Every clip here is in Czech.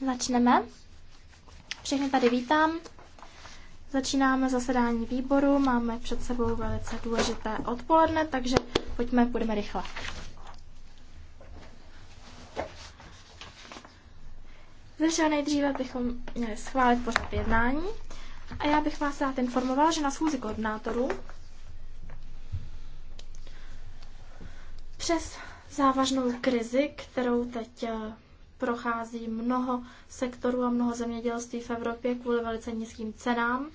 Začneme. Všechny tady vítám. Začínáme zasedání výboru, máme před sebou velice důležité odpoledne, takže pojďme, půjdeme rychle. Ze nejdříve bychom měli schválit pořad jednání a já bych vás rád informoval, že na schůzi koordinátorů přes závažnou krizi, kterou teď eh, prochází mnoho sektorů a mnoho zemědělství v Evropě kvůli velice nízkým cenám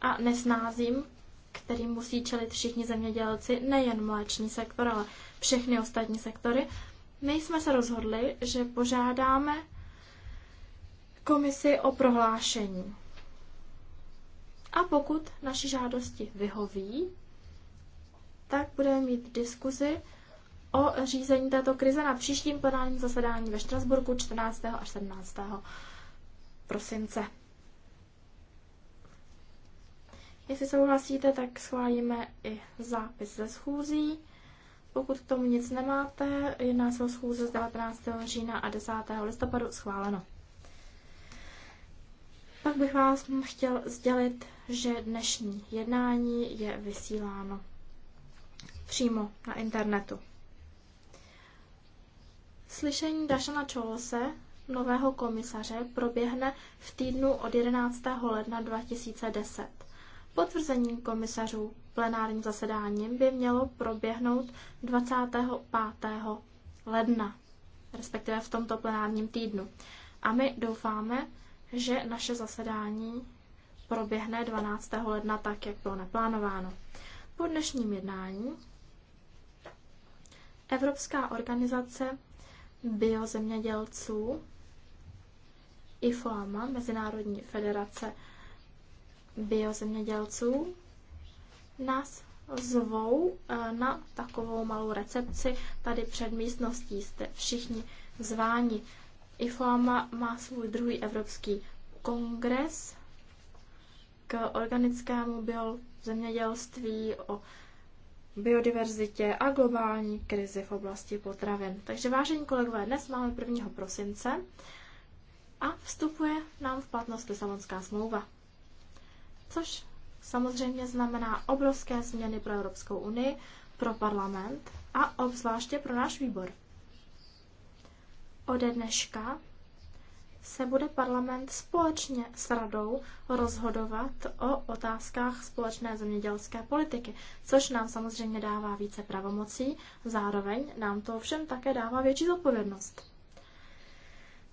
a nesnázím, kterým musí čelit všichni zemědělci, nejen mléční sektor, ale všechny ostatní sektory, my jsme se rozhodli, že požádáme komisi o prohlášení. A pokud naši žádosti vyhoví, tak budeme mít diskuzi o řízení této krize na příštím plenárním zasedání ve Štrasburku 14. až 17. prosince. Jestli souhlasíte, tak schválíme i zápis ze schůzí. Pokud k tomu nic nemáte, jedná se o schůze z 19. října a 10. listopadu schváleno. Pak bych vás chtěl sdělit, že dnešní jednání je vysíláno přímo na internetu. Slyšení Dašana Čolose, nového komisaře, proběhne v týdnu od 11. ledna 2010. Potvrzení komisařů plenárním zasedáním by mělo proběhnout 25. ledna, respektive v tomto plenárním týdnu. A my doufáme, že naše zasedání proběhne 12. ledna tak, jak bylo naplánováno. Po dnešním jednání Evropská organizace biozemědělců, IFOAMA, Mezinárodní federace biozemědělců, nás zvou eh, na takovou malou recepci tady před místností. Jste všichni zváni. IFOAMA má svůj druhý evropský kongres k organickému biozemědělství o biodiverzitě a globální krizi v oblasti potravin. Takže vážení kolegové, dnes máme 1. prosince a vstupuje nám v platnost Lisabonská smlouva. Což samozřejmě znamená obrovské změny pro Evropskou unii, pro parlament a obzvláště pro náš výbor. Ode dneška se bude parlament společně s radou rozhodovat o otázkách společné zemědělské politiky, což nám samozřejmě dává více pravomocí, zároveň nám to všem také dává větší zodpovědnost.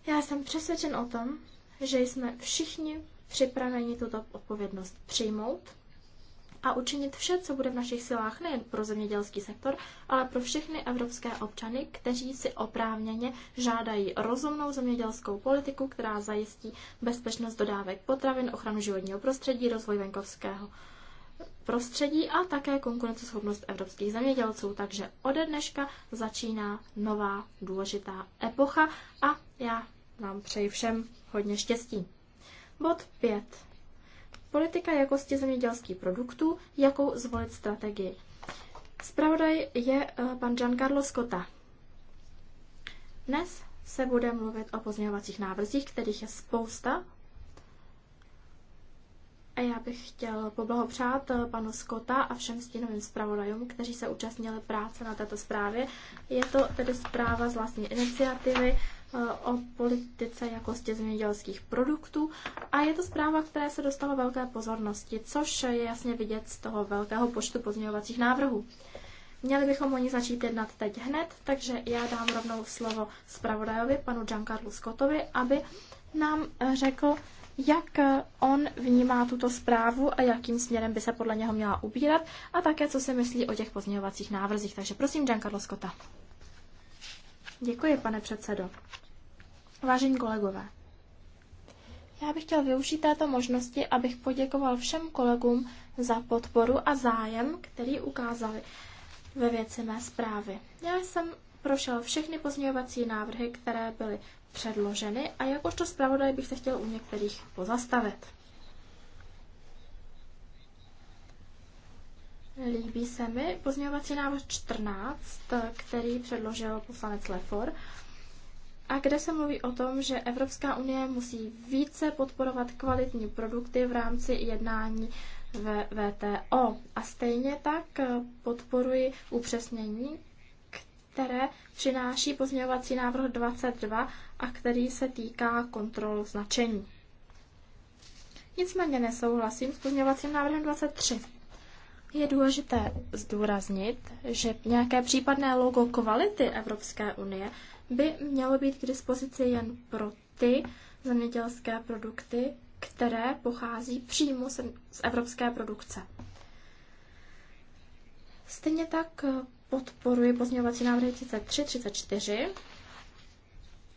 Já jsem přesvědčen o tom, že jsme všichni připraveni tuto odpovědnost přijmout a učinit vše, co bude v našich silách nejen pro zemědělský sektor, ale pro všechny evropské občany, kteří si oprávněně žádají rozumnou zemědělskou politiku, která zajistí bezpečnost dodávek potravin, ochranu životního prostředí, rozvoj venkovského prostředí a také konkurenceschopnost evropských zemědělců. Takže ode dneška začíná nová důležitá epocha a já vám přeji všem hodně štěstí. Bod 5. Politika jakosti zemědělských produktů, jakou zvolit strategii. Spravodaj je eh, pan Giancarlo Scotta. Dnes se bude mluvit o pozměňovacích návrzích, kterých je spousta. A já bych chtěl poblahopřát eh, panu Skota a všem stínovým zpravodajům, kteří se účastnili práce na této zprávě. Je to tedy zpráva z vlastní iniciativy o politice jakosti zemědělských produktů a je to zpráva, které se dostalo velké pozornosti, což je jasně vidět z toho velkého počtu pozměňovacích návrhů. Měli bychom o ní začít jednat teď hned, takže já dám rovnou slovo zpravodajovi, panu Giancarlu Scottovi, aby nám eh, řekl, jak eh, on vnímá tuto zprávu a jakým směrem by se podle něho měla ubírat a také, co si myslí o těch pozměňovacích návrzích. Takže prosím, Giancarlo Scotta. Děkuji, pane předsedo. Vážení kolegové, já bych chtěl využít této možnosti, abych poděkoval všem kolegům za podporu a zájem, který ukázali ve věci mé zprávy. Já jsem prošel všechny pozměňovací návrhy, které byly předloženy a jakožto zpravodaj bych se chtěl u některých pozastavit. Líbí se mi pozměňovací návrh 14, který předložil poslanec Lefor, a kde se mluví o tom, že Evropská unie musí více podporovat kvalitní produkty v rámci jednání v VTO. A stejně tak eh, podporuji upřesnění, které přináší pozměňovací návrh 22 a který se týká kontrol značení. Nicméně nesouhlasím s pozměňovacím návrhem 23 je důležité zdůraznit, že nějaké případné logo kvality Evropské unie by mělo být k dispozici jen pro ty zemědělské produkty, které pochází přímo z evropské produkce. Stejně tak eh, podporuji pozměňovací návrhy 33, 34.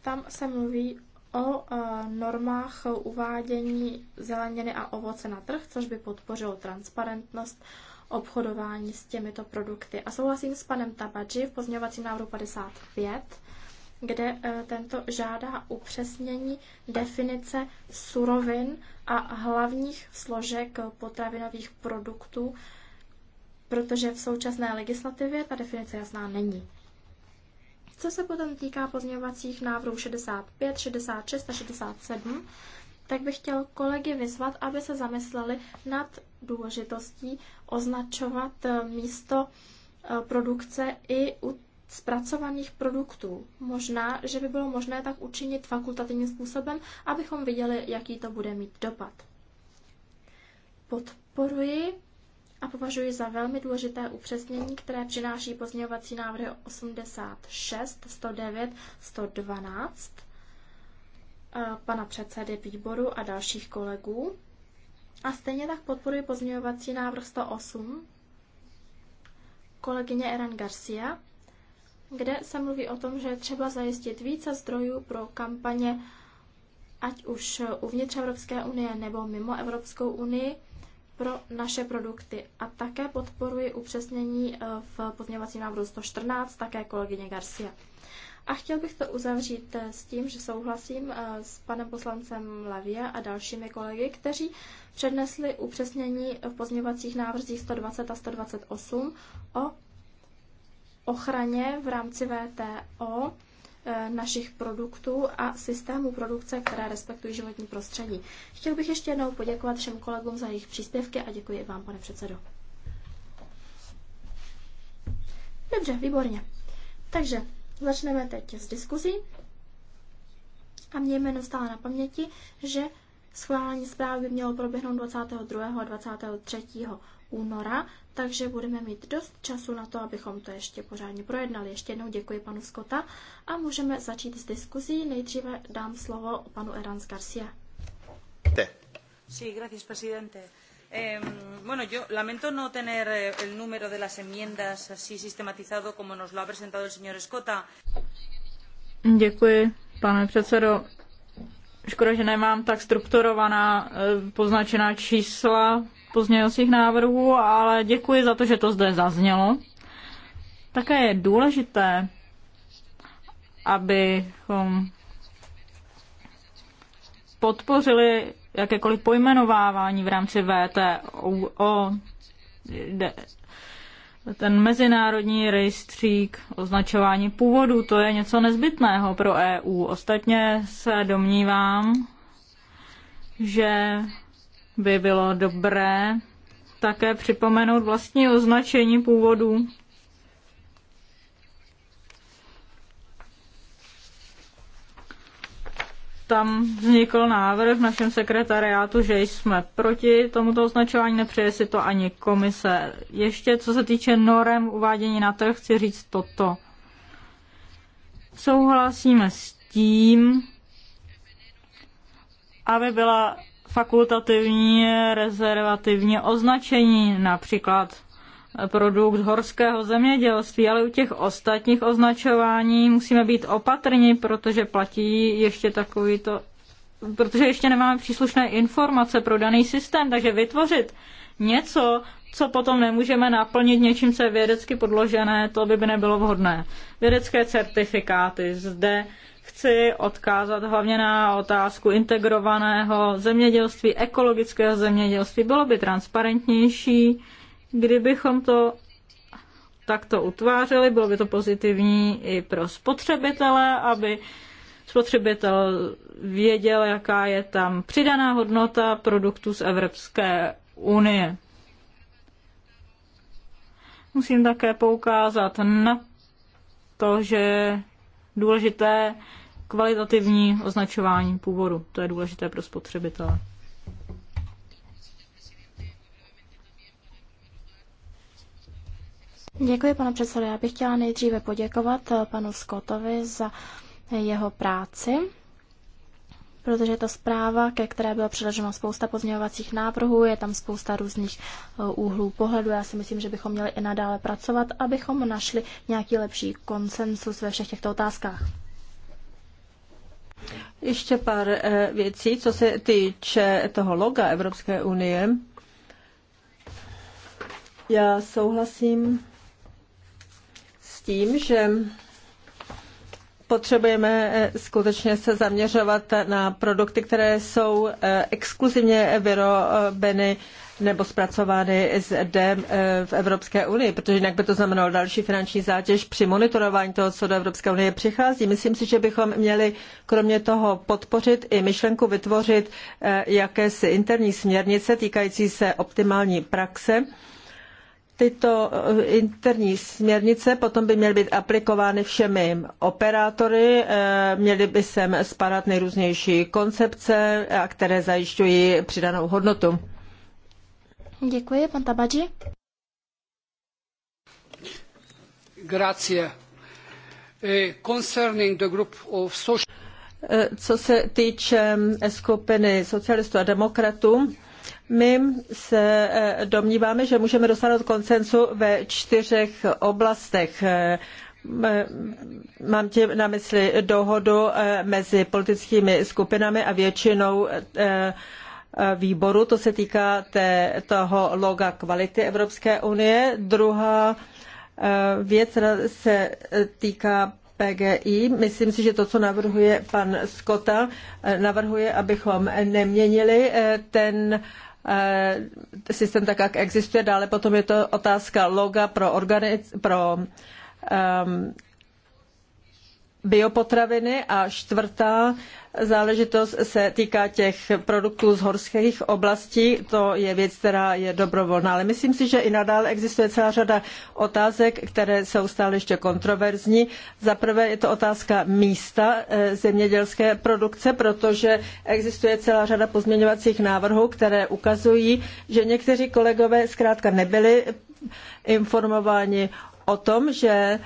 Tam se mluví o eh, normách uvádění zeleniny a ovoce na trh, což by podpořilo transparentnost obchodování s těmito produkty. A souhlasím s panem Tabadži v pozměňovacím návrhu 55, kde eh, tento žádá upřesnění definice surovin a hlavních složek potravinových produktů, protože v současné legislativě ta definice jasná není. Co se potom týká pozměňovacích návrhů 65, 66 a 67, tak bych chtěl kolegy vyzvat, aby se zamysleli nad důležitostí označovat eh, místo eh, produkce i u zpracovaných produktů. Možná, že by bylo možné tak učinit fakultativním způsobem, abychom viděli, jaký to bude mít dopad. Podporuji a považuji za velmi důležité upřesnění, které přináší pozměňovací návrhy 86, 109, 112 pana předsedy výboru a dalších kolegů. A stejně tak podporuji pozměňovací návrh 108 kolegyně Eran Garcia, kde se mluví o tom, že je třeba zajistit více zdrojů pro kampaně, ať už uvnitř Evropské unie nebo mimo Evropskou unii, pro naše produkty. A také podporuji upřesnění eh, v pozměňovacím návrhu 114, také kolegyně Garcia. A chtěl bych to uzavřít eh, s tím, že souhlasím eh, s panem poslancem Levě a dalšími kolegy, kteří přednesli upřesnění v pozměňovacích návrzích 120 a 128 o ochraně v rámci VTO eh, našich produktů a systémů produkce, které respektují životní prostředí. Chtěl bych ještě jednou poděkovat všem kolegům za jejich příspěvky a děkuji i vám, pane předsedo. Dobře, výborně. Takže Začneme teď s diskuzí a mějme neustále na paměti, že schválení zprávy by mělo proběhnout 22. a 23. února, takže budeme mít dost času na to, abychom to ještě pořádně projednali. Ještě jednou děkuji panu Skota a můžeme začít s diskuzí. Nejdříve dám slovo panu Erans Garcia. Sí, gracias, presidente. Eh, bueno, yo lamento no tener eh, el número de las enmiendas así sistematizado como nos lo ha presentado el señor Escota. Děkuji, pane předsedo. Škoda, že nemám tak strukturovaná eh, poznačená čísla pozměňovacích návrhů, ale děkuji za to, že to zde zaznělo. Také je důležité, abychom podpořili jakékoliv pojmenovávání v rámci VTO. Ten mezinárodní rejstřík označování původu, to je něco nezbytného pro EU. Ostatně se domnívám, že by bylo dobré také připomenout vlastní označení původu tam vznikl návrh v našem sekretariátu, že jsme proti tomuto označování, nepřeje si to ani komise. Ještě co se týče norem uvádění na trh, chci říct toto. Souhlasíme s tím, aby byla fakultativní rezervativně označení, například produkt horského zemědělství, ale u těch ostatních označování musíme být opatrní, protože platí ještě takový to, protože ještě nemáme příslušné informace pro daný systém, takže vytvořit něco, co potom nemůžeme naplnit něčím, co je vědecky podložené, to by, by nebylo vhodné. Vědecké certifikáty zde chci odkázat hlavně na otázku integrovaného zemědělství, ekologického zemědělství. Bylo by transparentnější, Kdybychom to takto utvářeli, bylo by to pozitivní i pro spotřebitele, aby spotřebitel věděl, jaká je tam přidaná hodnota produktů z Evropské unie. Musím také poukázat na to, že důležité kvalitativní označování původu. To je důležité pro spotřebitele. Děkuji, pane předsedo. Já bych chtěla nejdříve poděkovat eh, panu Scottovi za jeho práci, protože ta zpráva, ke které byla předložena spousta pozměňovacích návrhů, je tam spousta různých eh, úhlů pohledu. Já si myslím, že bychom měli i nadále pracovat, abychom našli nějaký lepší konsensus ve všech těchto otázkách. Ještě pár eh, věcí, co se týče toho loga Evropské unie. Já souhlasím tím, že potřebujeme eh, skutečně se zaměřovat na produkty, které jsou eh, exkluzivně vyrobeny nebo zpracovány zde eh, v Evropské unii, protože jinak by to znamenalo další finanční zátěž při monitorování toho, co do Evropské unie přichází. Myslím si, že bychom měli kromě toho podpořit i myšlenku vytvořit jakési interní směrnice týkající se optimální praxe tyto eh, interní směrnice potom by měly být aplikovány všemi operátory, eh, měly by sem spadat nejrůznější koncepce, eh, které zajišťují přidanou hodnotu. Děkuji, pan Tabadži. Grazie. Concerning the group of social... Co se týče mm, skupiny socialistů a demokratů, my se eh, domníváme, že můžeme dosáhnout konsensu ve čtyřech oblastech. Eh, mám tím na mysli dohodu eh, mezi politickými skupinami a většinou výboru. To se týká té, toho loga kvality Evropské unie. Druhá věc se týká PGI. Myslím si, že to, co navrhuje pan Skota, navrhuje, abychom neměnili ten Eh, systém tak, jak existuje. Dále potom je to otázka loga pro, organiz, pro um, biopotraviny a čtvrtá záležitost se týká těch produktů z horských oblastí. To je věc, která je dobrovolná. Ale myslím si, že i nadále existuje celá řada otázek, které jsou stále ještě kontroverzní. Za prvé je to otázka místa eh, zemědělské produkce, protože existuje celá řada pozměňovacích návrhů, které ukazují, že někteří kolegové zkrátka nebyli informováni o tom, že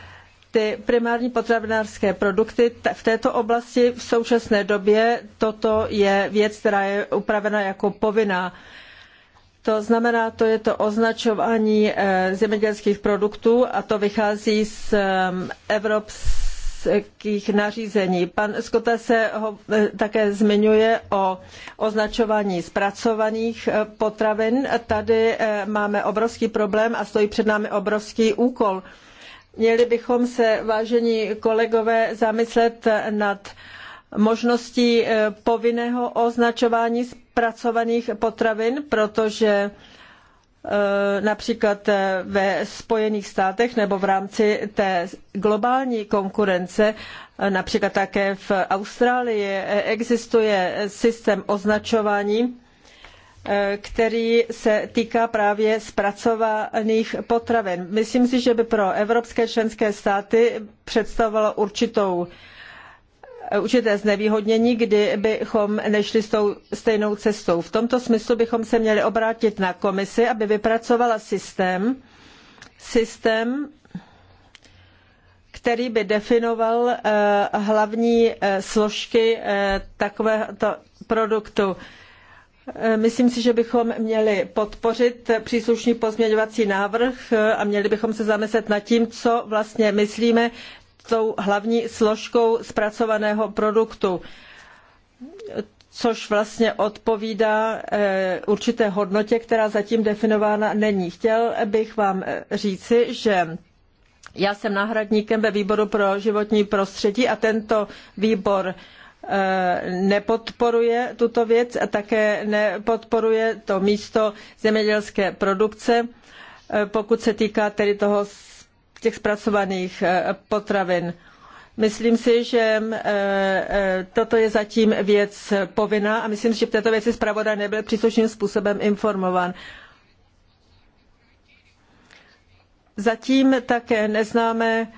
ty primární potravinářské produkty v této oblasti v současné době toto je věc, která je upravena jako povinná. To znamená, to je to označování eh, zemědělských produktů a to vychází z evropských nařízení. Pan Skota se eh, také zmiňuje o označování zpracovaných eh, potravin. Tady máme obrovský problém a stojí před námi obrovský úkol Měli bychom se, vážení kolegové, zamyslet nad možností eh, povinného označování zpracovaných potravin, protože eh, například eh, ve Spojených státech nebo v rámci té globální konkurence, například také v Austrálii, existuje systém označování Eh, který se týká právě zpracovaných potravin. Myslím si, že by pro evropské členské státy představovalo určitou eh, určité znevýhodnění, kdybychom nešli s tou stejnou cestou. V tomto smyslu bychom se měli obrátit na komisi, aby vypracovala systém, systém, který by definoval eh, hlavní složky takovéhoto produktu. Eh, myslím si, že bychom měli podpořit příslušný pozměňovací návrh eh, a měli bychom se zamyslet nad tím, co vlastně myslíme tou hlavní složkou zpracovaného produktu, což vlastně odpovídá eh, určité hodnotě, která zatím definována není. Chtěl bych vám říci, že já jsem náhradníkem ve výboru pro životní prostředí a tento výbor Eh, nepodporuje tuto věc a také nepodporuje to místo zemědělské produkce, eh, pokud se týká tedy toho těch zpracovaných eh, potravin. Myslím si, že toto je zatím věc povinná a myslím, že v této věci zpravodaj nebyl příslušným způsobem informován. Zatím také neznáme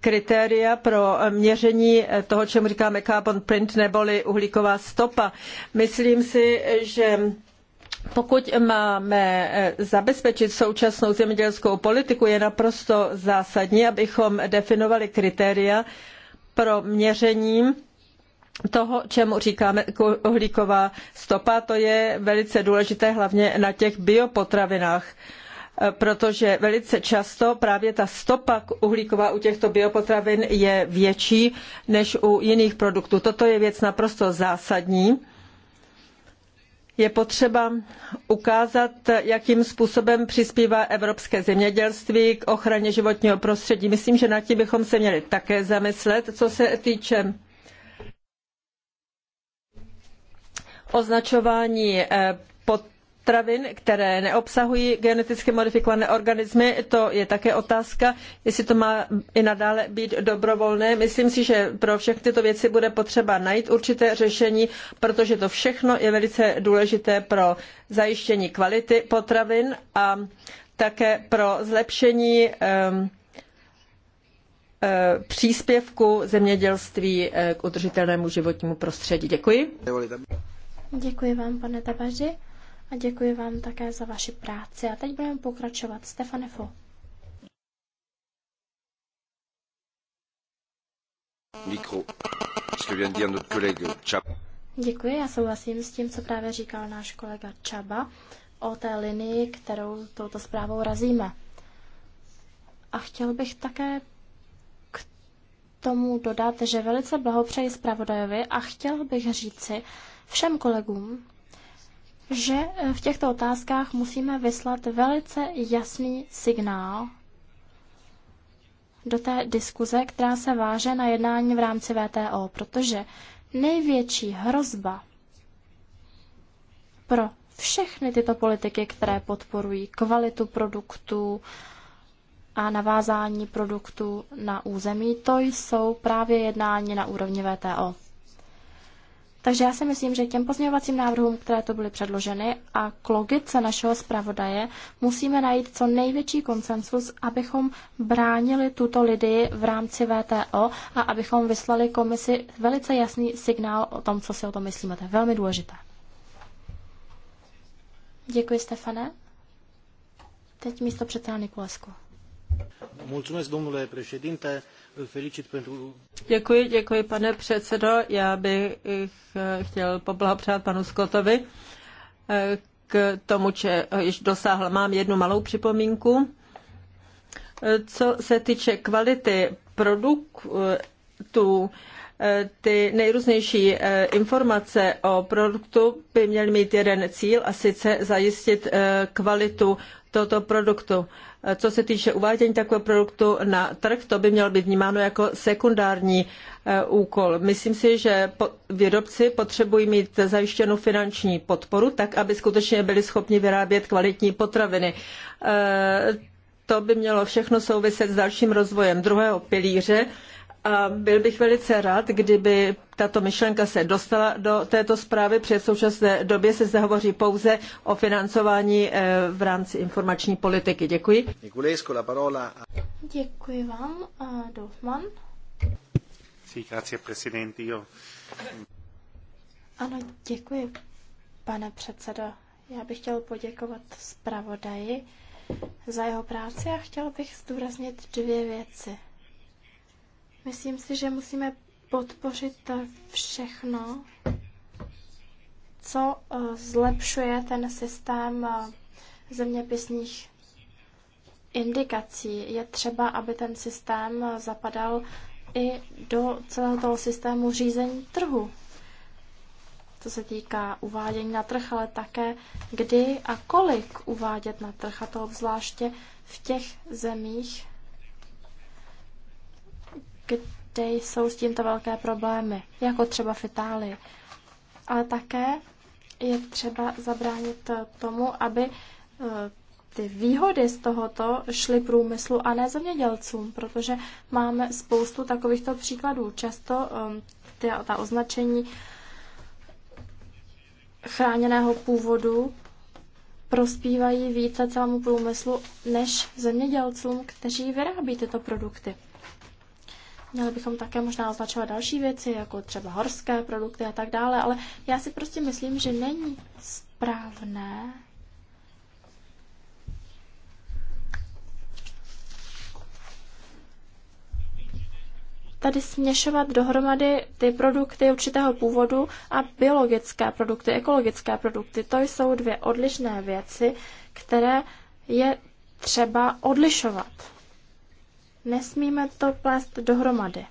kritéria pro měření toho, čemu říkáme carbon print neboli uhlíková stopa. Myslím si, že pokud máme zabezpečit současnou zemědělskou politiku, je naprosto zásadní, abychom definovali kritéria pro měření toho, čemu říkáme uhlíková stopa. To je velice důležité hlavně na těch biopotravinách. Eh, protože velice často právě ta stopa uhlíková u těchto biopotravin je větší než u jiných produktů. Toto je věc naprosto zásadní je potřeba ukázat, jakým způsobem přispívá evropské zemědělství k ochraně životního prostředí. Myslím, že nad tím bychom se měli také zamyslet, co se týče označování eh, potravin, které neobsahují geneticky modifikované organismy, to je také otázka, jestli to má i nadále být dobrovolné. Myslím si, že pro všechny tyto věci bude potřeba najít určité řešení, protože to všechno je velice důležité pro zajištění kvality potravin a také pro zlepšení ehm, eh, příspěvku zemědělství eh, k udržitelnému životnímu prostředí. Děkuji. Děkuji vám, pane Tabaři. A děkuji vám také za vaši práci. A teď budeme pokračovat. Stefane Fo. Mikro. Děkuji, já souhlasím s tím, co právě říkal náš kolega Čaba o té linii, kterou touto zprávou razíme. A chtěl bych také k tomu dodat, že velice blahopřeji zpravodajovi a chtěl bych říci všem kolegům, že eh, v těchto otázkách musíme vyslat velice jasný signál do té diskuze, která se váže na jednání v rámci VTO, protože největší hrozba pro všechny tyto politiky, které podporují kvalitu produktů a navázání produktů na území, to jsou právě jednání na úrovni VTO. Takže já si myslím, že těm pozměňovacím návrhům, které to byly předloženy a k logice našeho zpravodaje, musíme najít co největší konsensus, abychom bránili tuto lidi v rámci VTO a abychom vyslali komisi velice jasný signál o tom, co si o tom myslíme. To je velmi důležité. Děkuji, Stefane. Teď místo předseda Nikulesku. Mulțumesc, domnule președinte felicit pentru... Děkuji, děkuji pane předsedo. Já bych eh, chtěl poblahopřát panu Scottovi eh, k tomu, že eh, již dosáhl. Mám jednu malou připomínku. Co se týče kvality produktů, ty nejrůznější informace o produktu by měly mít jeden cíl a sice zajistit kvalitu tohoto produktu co se týče uvádění takového produktu na trh, to by mělo být vnímáno jako sekundární eh, úkol. Myslím si, že výrobci potřebují mít zajištěnou finanční podporu, tak aby skutečně byli schopni vyrábět kvalitní potraviny. Eh, to by mělo všechno souviset s dalším rozvojem druhého pilíře a byl bych velice rád, kdyby tato myšlenka se dostala do této zprávy. Při současné době se zde hovoří pouze o financování eh, v rámci informační politiky. Děkuji. Děkuji vám. Dolfman. Ano, děkuji, pane předsedo. Já bych chtěl poděkovat zpravodaji za jeho práci a chtěl bych zdůraznit dvě věci. Myslím si, že musíme podpořit všechno, co eh, zlepšuje ten systém eh, zeměpisních indikací. Je třeba, aby ten systém eh, zapadal i do celého toho systému řízení trhu. To se týká uvádění na trh, ale také kdy a kolik uvádět na trh, a to obzvláště v těch zemích, kde jsou s tímto velké problémy, jako třeba v Itálii. Ale také je třeba zabránit tomu, aby eh, ty výhody z tohoto šly průmyslu a ne zemědělcům, protože máme spoustu takovýchto příkladů. Často ehm, ty, ta označení chráněného původu prospívají více celému průmyslu než zemědělcům, kteří vyrábí tyto produkty. Měli bychom také možná označovat další věci, jako třeba horské produkty a tak dále, ale já si prostě myslím, že není správné tady směšovat dohromady ty produkty určitého původu a biologické produkty, ekologické produkty. To jsou dvě odlišné věci, které je třeba odlišovat. Nesmíme to plést dohromady.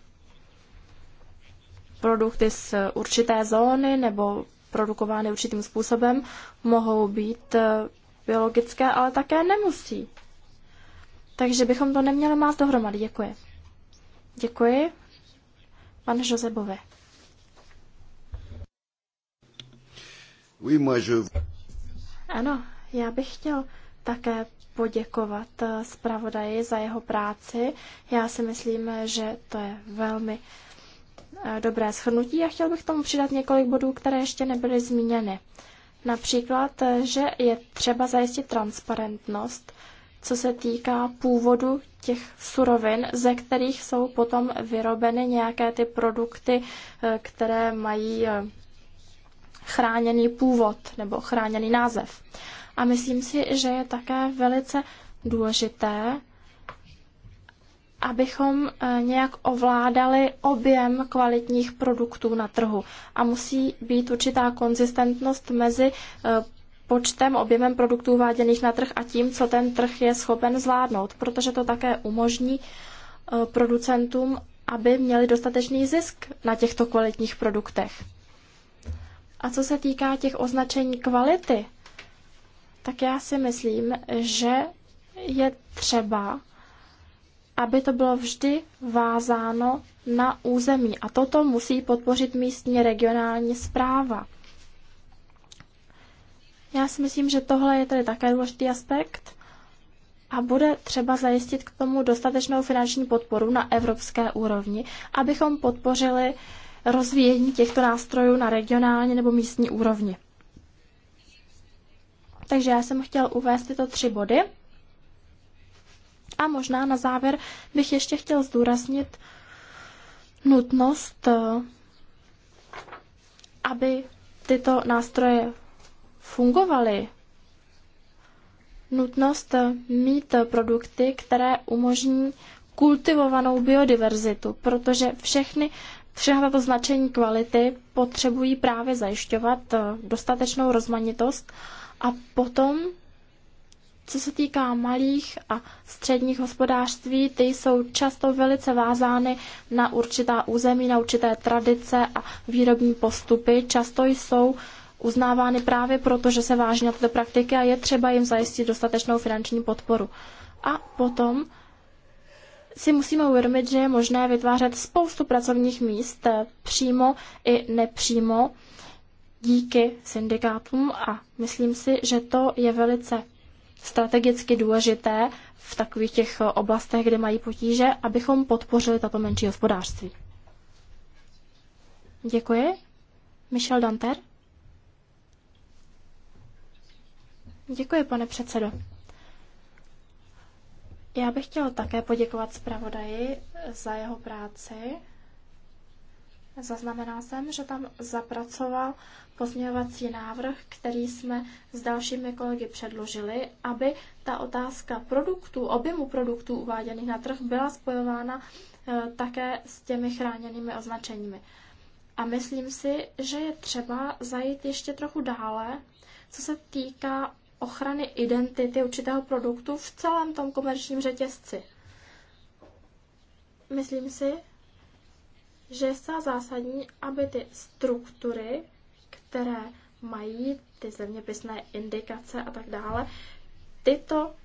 Produkty z určité zóny nebo produkovány určitým způsobem mohou být eh, biologické, ale také nemusí. Takže bychom to neměli mát dohromady. Děkuji. Děkuji. Pan Josebové. Ano, já bych chtěl také poděkovat eh, zpravodaji za jeho práci. Já si myslím, že to je velmi eh, dobré shrnutí a chtěl bych tomu přidat několik bodů, které ještě nebyly zmíněny. Například, eh, že je třeba zajistit transparentnost, co se týká původu těch surovin, ze kterých jsou potom vyrobeny nějaké ty produkty, které mají chráněný původ nebo chráněný název. A myslím si, že je také velice důležité, abychom eh, nějak ovládali objem kvalitních produktů na trhu. A musí být určitá konzistentnost mezi eh, počtem, objemem produktů váděných na trh a tím, co ten trh je schopen zvládnout, protože to také umožní eh, producentům, aby měli dostatečný zisk na těchto kvalitních produktech. A co se týká těch označení kvality, tak já si myslím, že je třeba, aby to bylo vždy vázáno na území. A toto musí podpořit místní regionální zpráva. Já si myslím, že tohle je tedy také důležitý aspekt a bude třeba zajistit k tomu dostatečnou finanční podporu na evropské úrovni, abychom podpořili rozvíjení těchto nástrojů na regionální nebo místní úrovni. Takže já jsem chtěl uvést tyto tři body. A možná na závěr bych ještě chtěl zdůraznit nutnost, eh, aby tyto nástroje fungovaly. Nutnost eh, mít produkty, které umožní kultivovanou biodiverzitu, protože všechny Všechna tato značení kvality potřebují právě zajišťovat eh, dostatečnou rozmanitost a potom, co se týká malých a středních hospodářství, ty jsou často velice vázány na určitá území, na určité tradice a výrobní postupy. Často jsou uznávány právě proto, že se váží na tyto praktiky a je třeba jim zajistit dostatečnou finanční podporu. A potom si musíme uvědomit, že je možné vytvářet spoustu pracovních míst eh, přímo i nepřímo díky syndikátům a myslím si, že to je velice strategicky důležité v takových těch eh, oblastech, kde mají potíže, abychom podpořili tato menší hospodářství. Děkuji. Michel Danter. Děkuji, pane předsedo. Já bych chtěla také poděkovat zpravodaji eh, za jeho práci Zaznamenal jsem, že tam zapracoval pozměňovací návrh, který jsme s dalšími kolegy předložili, aby ta otázka produktů, objemu produktů uváděných na trh byla spojována eh, také s těmi chráněnými označeními. A myslím si, že je třeba zajít ještě trochu dále, co se týká ochrany identity určitého produktu v celém tom komerčním řetězci. Myslím si, že je zcela zásadní, aby ty struktury, které mají ty zeměpisné indikace a tak dále, tyto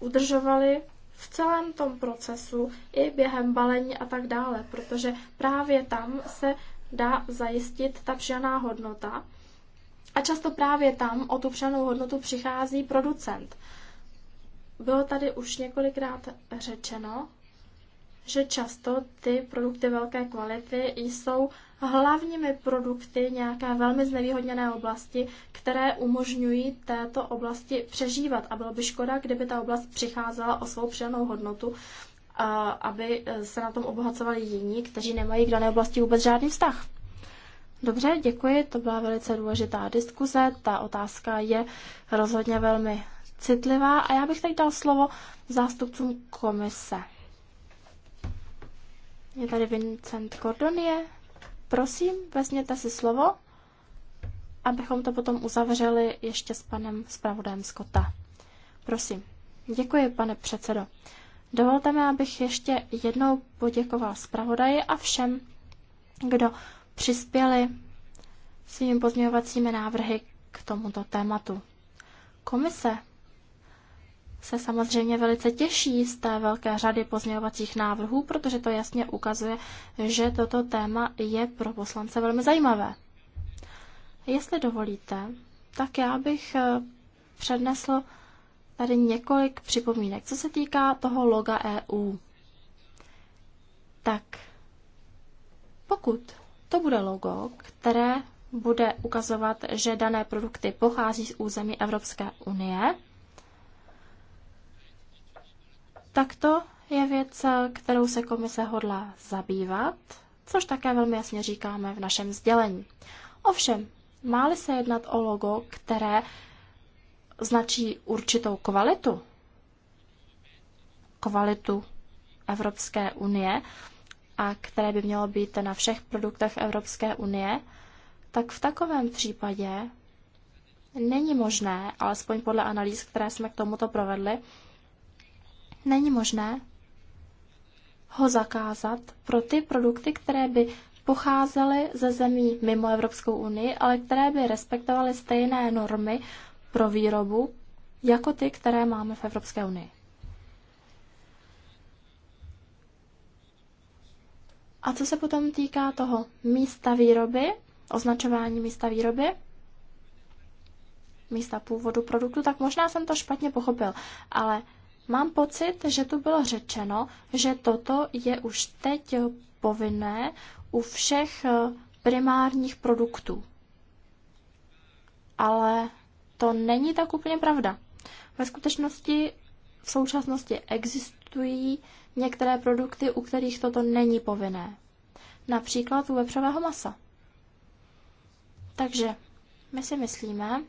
udržovaly v celém tom procesu i během balení a tak dále, protože právě tam se dá zajistit ta přidaná hodnota a často právě tam o tu přidanou hodnotu přichází producent. Bylo tady už několikrát řečeno, že často ty produkty velké kvality jsou hlavními produkty nějaké velmi znevýhodněné oblasti, které umožňují této oblasti přežívat. A bylo by škoda, kdyby ta oblast přicházela o svou přidanou hodnotu, aby e, se na tom obohacovali jiní, kteří nemají k dané oblasti vůbec žádný vztah. Dobře, děkuji. To byla velice důležitá diskuze. Ta otázka je rozhodně velmi citlivá a já bych teď dal slovo zástupcům komise. Je tady Vincent Cordonie. Prosím, vezměte si slovo, abychom to potom uzavřeli ještě s panem zpravodajem Skota. Prosím. Děkuji, pane předsedo. Dovolte mi, abych ještě jednou poděkoval zpravodaji a všem, kdo přispěli svými pozměňovacími návrhy k tomuto tématu. Komise se samozřejmě velice těší z té velké řady pozměňovacích návrhů, protože to jasně ukazuje, že toto téma je pro poslance velmi zajímavé. Jestli dovolíte, tak já bych eh, přednesl tady několik připomínek. Co se týká toho loga EU, tak pokud to bude logo, které bude ukazovat, že dané produkty pochází z území Evropské unie, Takto je věc, kterou se komise hodla zabývat, což také velmi jasně říkáme v našem sdělení. Ovšem, máli se jednat o logo, které značí určitou kvalitu, kvalitu Evropské unie a které by mělo být na všech produktech Evropské unie, tak v takovém případě není možné, alespoň podle analýz, které jsme k tomuto provedli, není možné ho zakázat pro ty produkty, které by pocházely ze zemí mimo Evropskou unii, ale které by respektovaly stejné normy pro výrobu jako ty, které máme v Evropské unii. A co se potom týká toho místa výroby, označování místa výroby, místa původu produktu, tak možná jsem to špatně pochopil, ale Mám pocit, že tu bylo řečeno, že toto je už teď povinné u všech eh, primárních produktů. Ale to není tak úplně pravda. Ve skutečnosti v současnosti existují některé produkty, u kterých toto není povinné. Například u vepřového masa. Takže my si myslíme,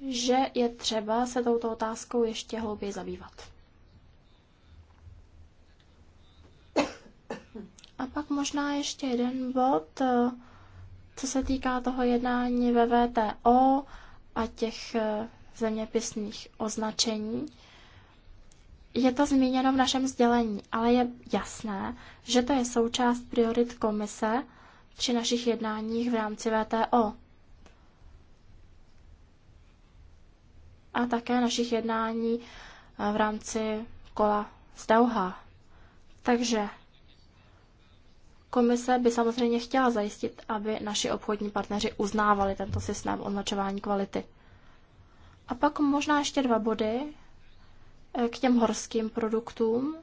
že je třeba se touto otázkou ještě hlouběji zabývat. A pak možná ještě jeden bod, eh, co se týká toho jednání ve VTO a těch eh, zeměpisných označení. Je to zmíněno v našem sdělení, ale je jasné, že to je součást priorit komise při našich jednáních v rámci VTO. a také našich jednání eh, v rámci kola z Dauha. Takže komise by samozřejmě chtěla zajistit, aby naši obchodní partneři uznávali tento systém označování kvality. A pak možná ještě dva body eh, k těm horským produktům.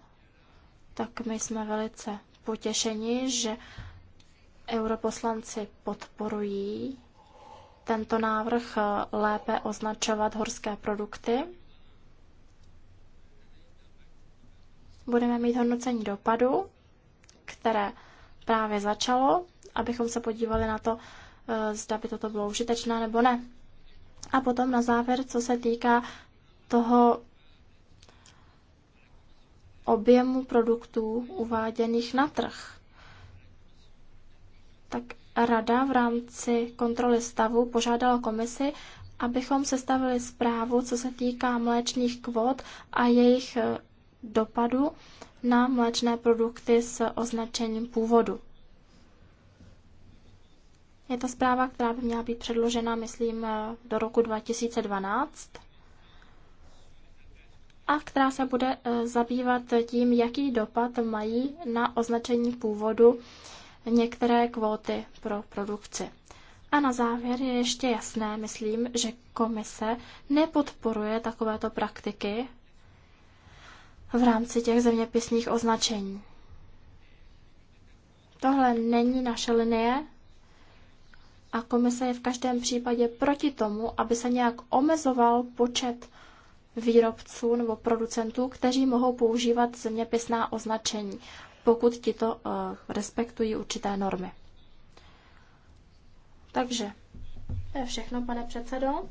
Tak my jsme velice potěšeni, že europoslanci podporují tento návrh eh, lépe označovat horské produkty. Budeme mít hodnocení dopadu, které právě začalo, abychom se podívali na to, eh, zda by toto bylo užitečné nebo ne. A potom na závěr, co se týká toho objemu produktů uváděných na trh. Tak Rada v rámci kontroly stavu požádala komisi, abychom sestavili zprávu, co se týká mléčných kvot a jejich eh, dopadu na mléčné produkty s označením původu. Je to zpráva, která by měla být předložena, myslím, eh, do roku 2012 a která se bude eh, zabývat tím, jaký dopad mají na označení původu některé kvóty pro produkci. A na závěr je ještě jasné, myslím, že komise nepodporuje takovéto praktiky v rámci těch zeměpisných označení. Tohle není naše linie a komise je v každém případě proti tomu, aby se nějak omezoval počet výrobců nebo producentů, kteří mohou používat zeměpisná označení pokud ti to eh, respektují určité normy. Takže to je všechno, pane předsedo.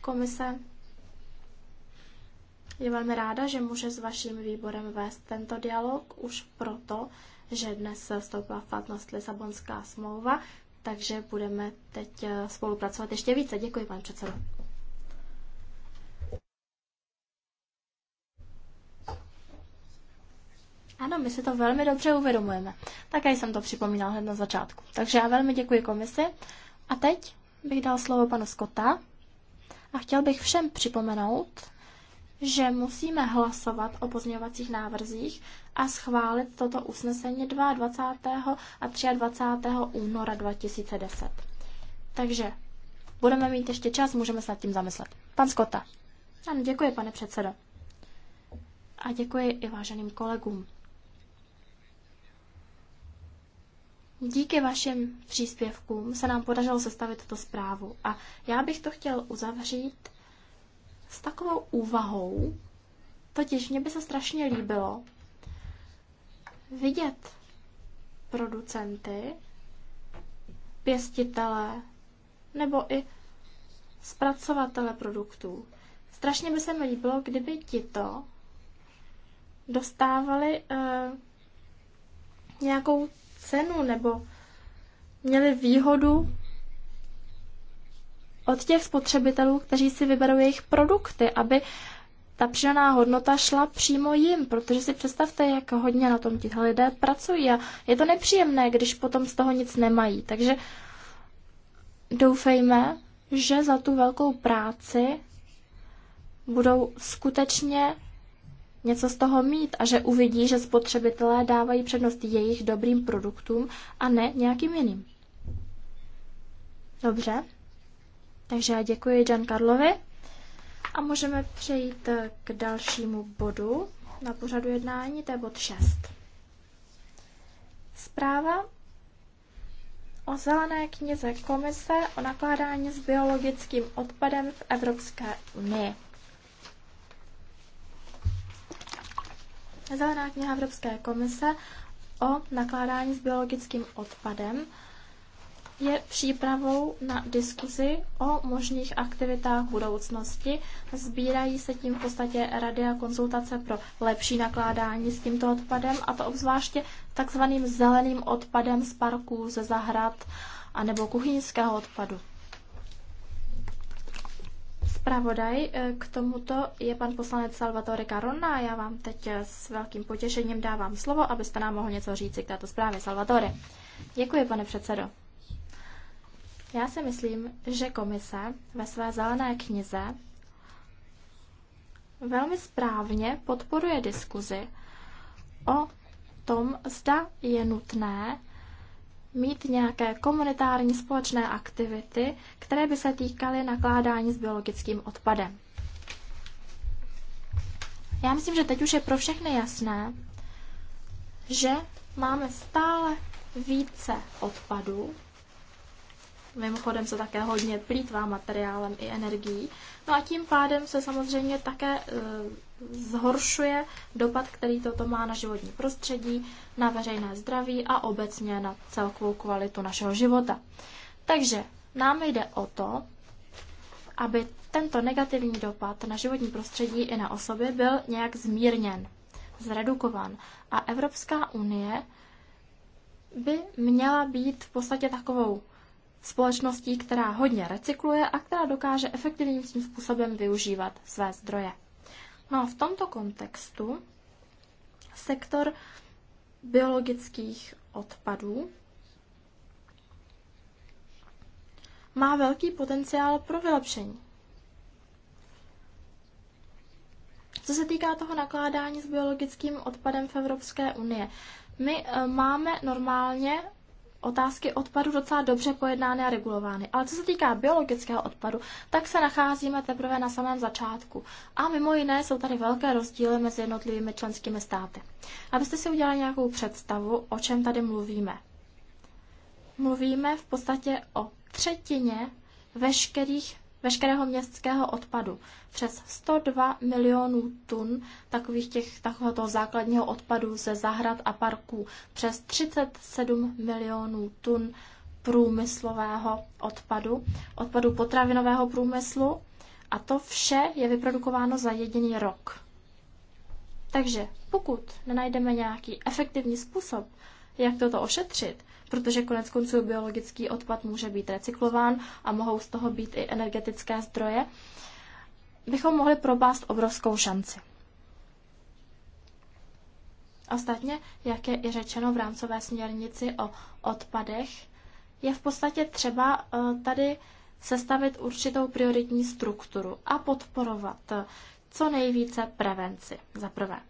Komise je velmi ráda, že může s vaším výborem vést tento dialog už proto, že dnes vstoupila v platnost Lisabonská smlouva, takže budeme teď eh, spolupracovat ještě více. Děkuji, pane předsedo. Ano, my si to velmi dobře uvědomujeme. Také jsem to připomínal hned na začátku. Takže já velmi děkuji komisi. A teď bych dal slovo panu Skota a chtěl bych všem připomenout, že musíme hlasovat o pozměňovacích návrzích a schválit toto usnesení 22. a 23. února 2010. Takže budeme mít ještě čas, můžeme se nad tím zamyslet. Pan Skota. Ano, děkuji, pane předsedo. A děkuji i váženým kolegům. Díky vašim příspěvkům se nám podařilo sestavit tuto zprávu a já bych to chtěl uzavřít s takovou úvahou, totiž mě by se strašně líbilo vidět producenty, pěstitele nebo i zpracovatele produktů. Strašně by se mi líbilo, kdyby ti to dostávali eh, nějakou cenu nebo měli výhodu od těch spotřebitelů, kteří si vyberou jejich produkty, aby ta přidaná hodnota šla přímo jim, protože si představte, jak hodně na tom tihle lidé pracují a je to nepříjemné, když potom z toho nic nemají. Takže doufejme, že za tu velkou práci budou skutečně něco z toho mít a že uvidí, že spotřebitelé dávají přednost jejich dobrým produktům a ne nějakým jiným. Dobře, takže já děkuji Giancarlovi a můžeme přejít k dalšímu bodu na pořadu jednání, to je bod 6. Zpráva o zelené knize Komise o nakládání s biologickým odpadem v Evropské unii. Zelená kniha Evropské komise o nakládání s biologickým odpadem je přípravou na diskuzi o možných aktivitách budoucnosti. Sbírají se tím v podstatě rady a konzultace pro lepší nakládání s tímto odpadem, a to obzvláště takzvaným zeleným odpadem z parků, ze zahrad a nebo kuchyňského odpadu. Spravodaj eh, k tomuto je pan poslanec Salvatore Caronna. Já vám teď eh, s velkým potěšením dávám slovo, abyste nám mohl něco říci k této zprávě. Salvatore. Děkuji, pane předsedo. Já si myslím, že komise ve své zelené knize velmi správně podporuje diskuzi o tom, zda je nutné mít nějaké komunitární společné aktivity, které by se týkaly nakládání s biologickým odpadem. Já myslím, že teď už je pro všechny jasné, že máme stále více odpadů. Mimochodem se také hodně plítvá materiálem i energií. No a tím pádem se samozřejmě také eh, zhoršuje dopad, který toto má na životní prostředí, na veřejné zdraví a obecně na celkovou kvalitu našeho života. Takže nám jde o to, aby tento negativní dopad na životní prostředí i na osoby byl nějak zmírněn, zredukovan. A Evropská unie by měla být v podstatě takovou společností, která hodně recykluje a která dokáže efektivním způsobem využívat své zdroje. No a v tomto kontextu sektor biologických odpadů má velký potenciál pro vylepšení. Co se týká toho nakládání s biologickým odpadem v Evropské unie, my eh, máme normálně otázky odpadu docela dobře pojednány a regulovány. Ale co se týká biologického odpadu, tak se nacházíme teprve na samém začátku. A mimo jiné jsou tady velké rozdíly mezi jednotlivými členskými státy. Abyste si udělali nějakou představu, o čem tady mluvíme. Mluvíme v podstatě o třetině veškerých veškerého městského odpadu. Přes 102 milionů tun takových těch, takového základního odpadu ze zahrad a parků. Přes 37 milionů tun průmyslového odpadu, odpadu potravinového průmyslu a to vše je vyprodukováno za jediný rok. Takže pokud nenajdeme nějaký efektivní způsob, jak toto ošetřit, protože konec konců biologický odpad může být recyklován a mohou z toho být i energetické zdroje, bychom mohli propást obrovskou šanci. Ostatně, jak je i řečeno v rámcové směrnici o odpadech, je v podstatě třeba eh, tady sestavit určitou prioritní strukturu a podporovat eh, co nejvíce prevenci, za prvé.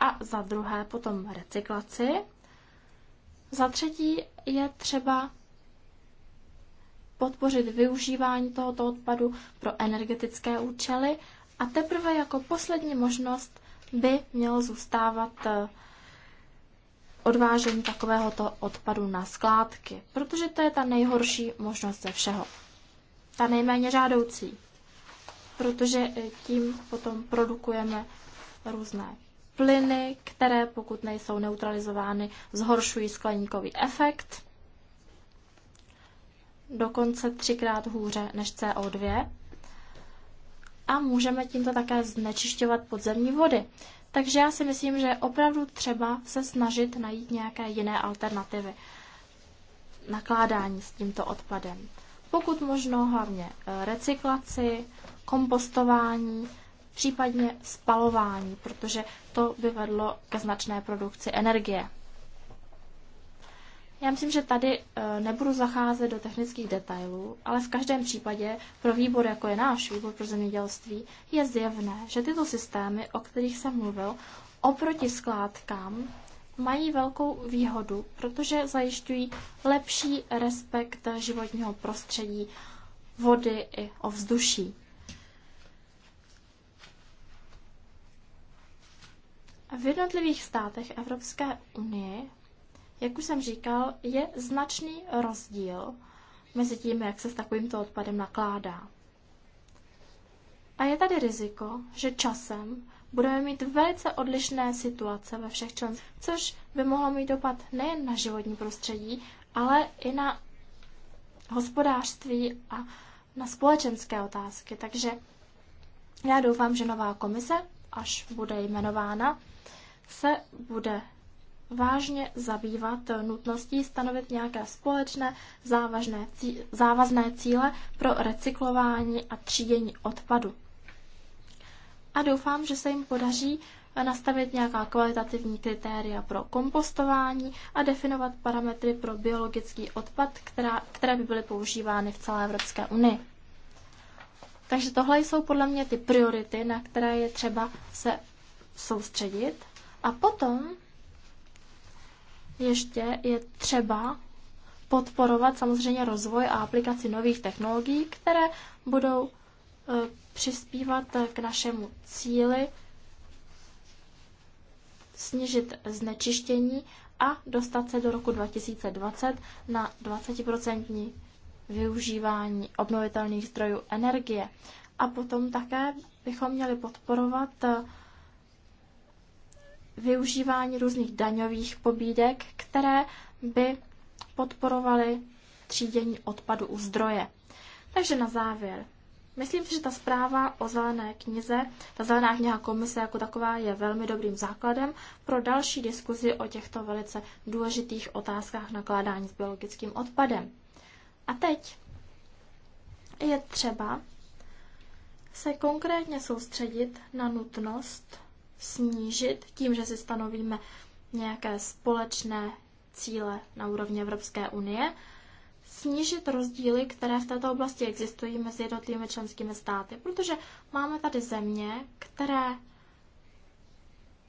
A za druhé potom recyklaci za třetí je třeba podpořit využívání tohoto odpadu pro energetické účely a teprve jako poslední možnost by mělo zůstávat eh, odvážení takovéhoto odpadu na skládky, protože to je ta nejhorší možnost ze všeho. Ta nejméně žádoucí, protože eh, tím potom produkujeme různé plyny, které pokud nejsou neutralizovány, zhoršují skleníkový efekt dokonce třikrát hůře než CO2 a můžeme tímto také znečišťovat podzemní vody. Takže já si myslím, že opravdu třeba se snažit najít nějaké jiné alternativy nakládání s tímto odpadem. Pokud možno hlavně eh, recyklaci, kompostování, případně spalování, protože to by vedlo ke značné produkci energie. Já myslím, že tady e, nebudu zacházet do technických detailů, ale v každém případě pro výbor, jako je náš výbor pro zemědělství, je zjevné, že tyto systémy, o kterých jsem mluvil, oproti skládkám mají velkou výhodu, protože zajišťují lepší respekt životního prostředí, vody i ovzduší. V jednotlivých státech Evropské unie, jak už jsem říkal, je značný rozdíl mezi tím, jak se s takovýmto odpadem nakládá. A je tady riziko, že časem budeme mít velice odlišné situace ve všech členských, což by mohlo mít dopad nejen na životní prostředí, ale i na hospodářství a na společenské otázky. Takže já doufám, že nová komise, až bude jmenována, se bude vážně zabývat nutností stanovit nějaké společné závažné, cíle, závazné cíle pro recyklování a třídění odpadu. A doufám, že se jim podaří nastavit nějaká kvalitativní kritéria pro kompostování a definovat parametry pro biologický odpad, která, které by byly používány v celé Evropské unii. Takže tohle jsou podle mě ty priority, na které je třeba se soustředit a potom ještě je třeba podporovat samozřejmě rozvoj a aplikaci nových technologií, které budou e, přispívat k našemu cíli snížit znečištění a dostat se do roku 2020 na 20% využívání obnovitelných zdrojů energie. A potom také bychom měli podporovat využívání různých daňových pobídek, které by podporovaly třídění odpadu u zdroje. Takže na závěr. Myslím si, že ta zpráva o zelené knize, ta zelená kniha komise jako taková je velmi dobrým základem pro další diskuzi o těchto velice důležitých otázkách nakládání s biologickým odpadem. A teď je třeba se konkrétně soustředit na nutnost snížit tím, že si stanovíme nějaké společné cíle na úrovni Evropské unie, snížit rozdíly, které v této oblasti existují mezi jednotlivými členskými státy, protože máme tady země, které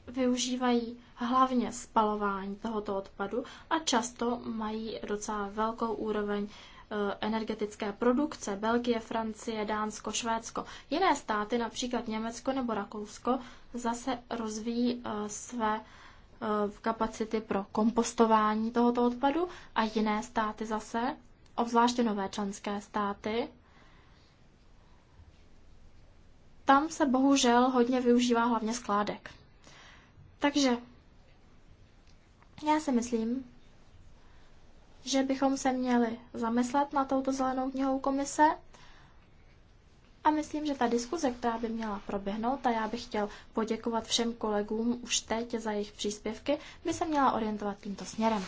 využívají hlavně spalování tohoto odpadu a často mají docela velkou úroveň Eh, energetické produkce Belgie, Francie, Dánsko, Švédsko. Jiné státy, například Německo nebo Rakousko, zase rozvíjí eh, své eh, kapacity pro kompostování tohoto odpadu a jiné státy zase, obzvláště nové členské státy, tam se bohužel hodně využívá hlavně skládek. Takže já si myslím, že bychom se měli zamyslet na touto zelenou knihou komise. A myslím, že ta diskuze, která by měla proběhnout, a já bych chtěl poděkovat všem kolegům už teď za jejich příspěvky, by se měla orientovat tímto směrem.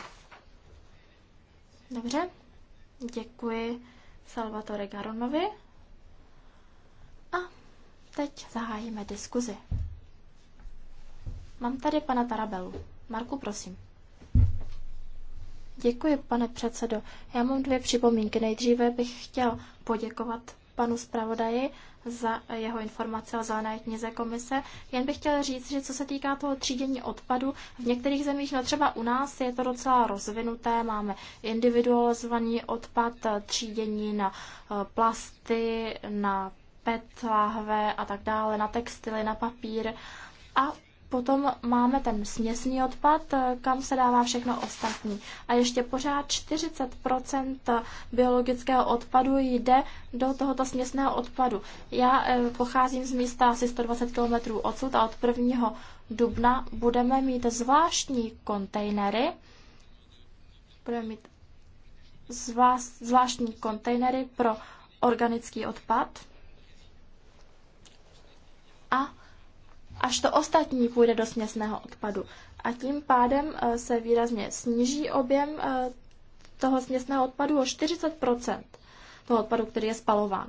Dobře, děkuji Salvatore Garonovi. A teď zahájíme diskuzi. Mám tady pana Tarabelu. Marku, prosím. Děkuji, pane předsedo. Já mám dvě připomínky. Nejdříve bych chtěl poděkovat panu zpravodaji za jeho informace o zelené knize komise. Jen bych chtěl říct, že co se týká toho třídění odpadu, v některých zemích, no třeba u nás, je to docela rozvinuté. Máme individualizovaný odpad, třídění na eh, plasty, na PET láhve a tak dále, na textily, na papír. A Potom máme ten směsný odpad, kam se dává všechno ostatní. A ještě pořád 40 biologického odpadu jde do tohoto směsného odpadu. Já eh, pocházím z místa asi 120 km odsud a od 1. dubna budeme mít zvláštní kontejnery. Budeme mít zvláštní kontejnery pro organický odpad. A až to ostatní půjde do směsného odpadu. A tím pádem eh, se výrazně sníží objem eh, toho směsného odpadu o 40 toho odpadu, který je spalován.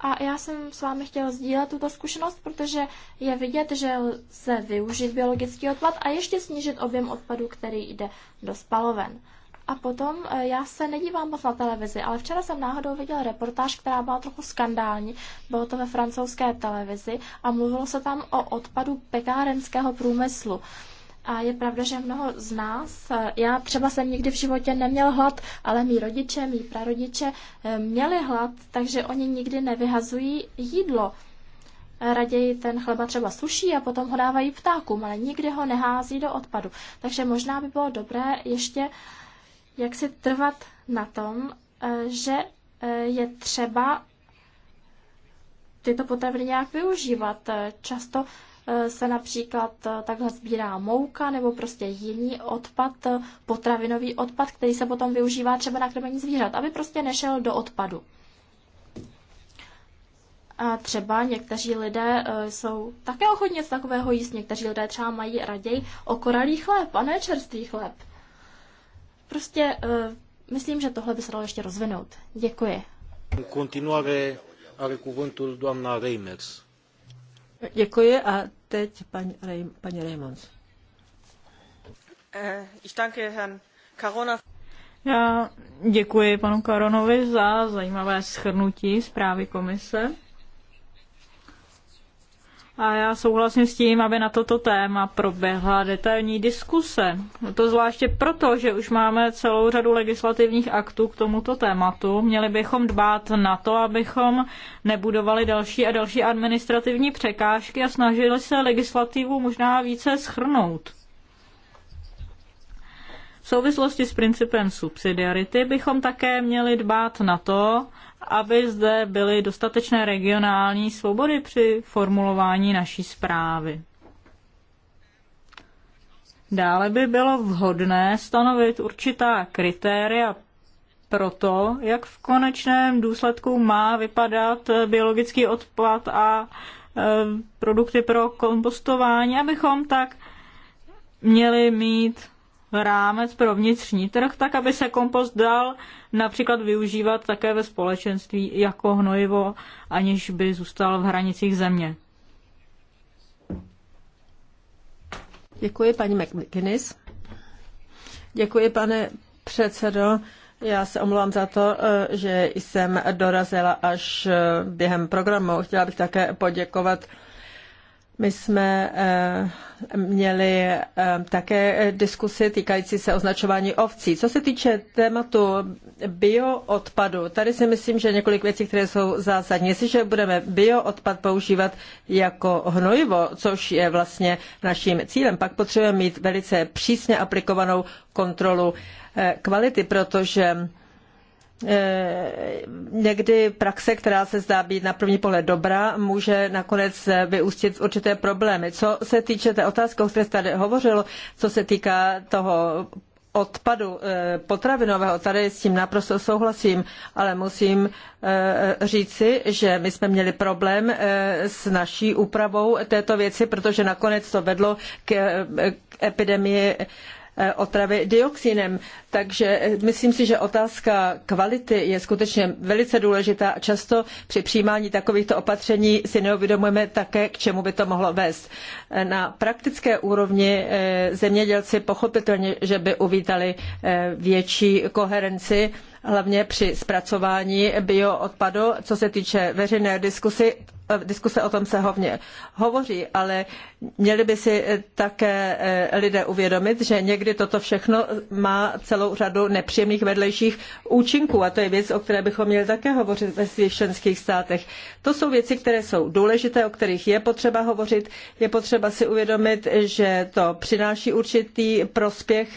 A já jsem s vámi chtěla sdílet tuto zkušenost, protože je vidět, že lze využít biologický odpad a ještě snížit objem odpadu, který jde do spaloven. A potom e, já se nedívám moc na televizi, ale včera jsem náhodou viděl reportáž, která byla trochu skandální. Bylo to ve francouzské televizi a mluvilo se tam o odpadu pekárenského průmyslu. A je pravda, že mnoho z nás, e, já třeba jsem nikdy v životě neměl hlad, ale mý rodiče, mý prarodiče e, měli hlad, takže oni nikdy nevyhazují jídlo. Raději ten chleba třeba suší a potom ho dávají ptákům, ale nikdy ho nehází do odpadu. Takže možná by bylo dobré ještě uh, jak si trvat na tom, eh, že eh, je třeba tyto potraviny nějak využívat. Eh, často se například takhle sbírá mouka nebo prostě jiný odpad, potravinový odpad, který se potom využívá třeba na krmení zvířat, aby prostě nešel do odpadu. A třeba někteří lidé jsou také ochotně z takového jíst, někteří lidé třeba mají raději okoralý chléb a ne čerstvý chléb. Prostě eh, myslím, že tohle by se dalo ještě rozvinout. Děkuji. Continuare are cuvântul doamna Reimers. Děkuji a teď paní, Reim, paní Reimons. Eh, ich danke Herrn Karona. Já děkuji panu Karonovi za zajímavé schrnutí zprávy komise. A já souhlasím s tím, aby na toto téma proběhla detailní diskuse. To zvláště proto, že už máme celou řadu legislativních aktů k tomuto tématu. Měli bychom dbát na to, abychom nebudovali další a další administrativní překážky a snažili se legislativu možná více schrnout. V souvislosti s principem subsidiarity bychom také měli dbát na to, aby zde byly dostatečné regionální svobody při formulování naší zprávy. Dále by bylo vhodné stanovit určitá kritéria pro to, jak v konečném důsledku má vypadat biologický odpad a e, produkty pro kompostování, abychom tak měli mít rámec pro vnitřní trh, tak aby se kompost dal například využívat také ve společenství jako hnojivo, aniž by zůstal v hranicích země. Děkuji, paní McGuinness. Děkuji, pane předsedo. Já se omlouvám za to, eh, že jsem dorazila až eh, během programu. Chtěla bych také poděkovat my jsme eh, měli eh, také diskusy týkající se označování ovcí. Co se týče tématu bioodpadu, tady si myslím, že několik věcí, které jsou zásadní. Jestliže budeme bioodpad používat jako hnojivo, což je vlastně naším cílem, pak potřebujeme mít velice přísně aplikovanou kontrolu eh, kvality, protože Eh, někdy praxe, která se zdá být na první pohled dobrá, může nakonec vyústit v určité problémy. Co se týče té otázky, o které jste tady hovořilo, co se týká toho odpadu eh, potravinového, tady s tím naprosto souhlasím, ale musím eh, říci, že my jsme měli problém s naší úpravou této věci, protože nakonec to vedlo k epidemii Eh, otravy dioxinem. Takže eh, myslím si, že otázka kvality je skutečně velice důležitá a často při přijímání takovýchto opatření si neuvědomujeme také, k čemu by to mohlo vést. Eh, na praktické úrovni zemědělci pochopitelně, že by uvítali větší koherenci hlavně při zpracování bioodpadu. Co se týče veřejné diskusy, eh, diskuse o tom se hovně hovoří, ale měli by si eh, také eh, lidé uvědomit, že někdy toto všechno má celou řadu nepříjemných vedlejších účinků a to je věc, o které bychom měli také hovořit ve svých členských státech. To jsou věci, které jsou důležité, o kterých je potřeba hovořit. Je potřeba si uvědomit, že to přináší určitý prospěch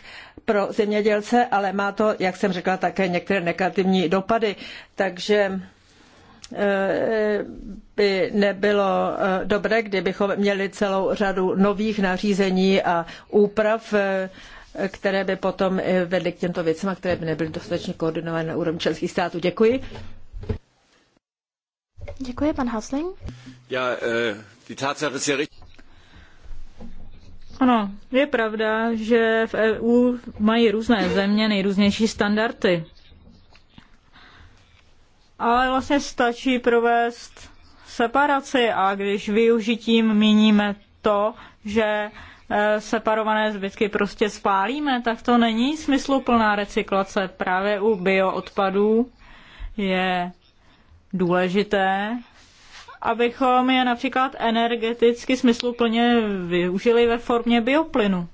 pro zemědělce, ale má to, jak jsem řekla, také některé negativní dopady. Takže eh, by nebylo eh, dobré, kdybychom měli celou řadu nových nařízení a úprav, eh, které by potom vedly k těmto věcem a které by nebyly dostatečně koordinované na úrovni členských států. Děkuji. Děkuji, pan Hasling. Ja, die Tatsache ist ja richtig. Ano, je pravda, že v EU mají různé země nejrůznější standardy. Ale vlastně stačí provést separaci a když využitím míníme to, že e, separované zbytky prostě spálíme, tak to není smysluplná recyklace. Právě u bioodpadů je důležité abychom je například energeticky smysluplně využili ve formě bioplynu.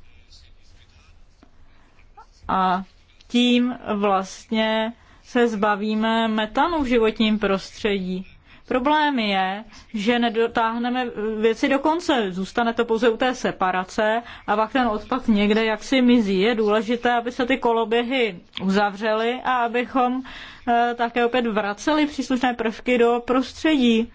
A tím vlastně se zbavíme metanu v životním prostředí. Problém je, že nedotáhneme věci do konce. Zůstane to pouze u té separace a pak ten odpad někde jaksi mizí. Je důležité, aby se ty koloběhy uzavřely a abychom eh, také opět vraceli příslušné prvky do prostředí.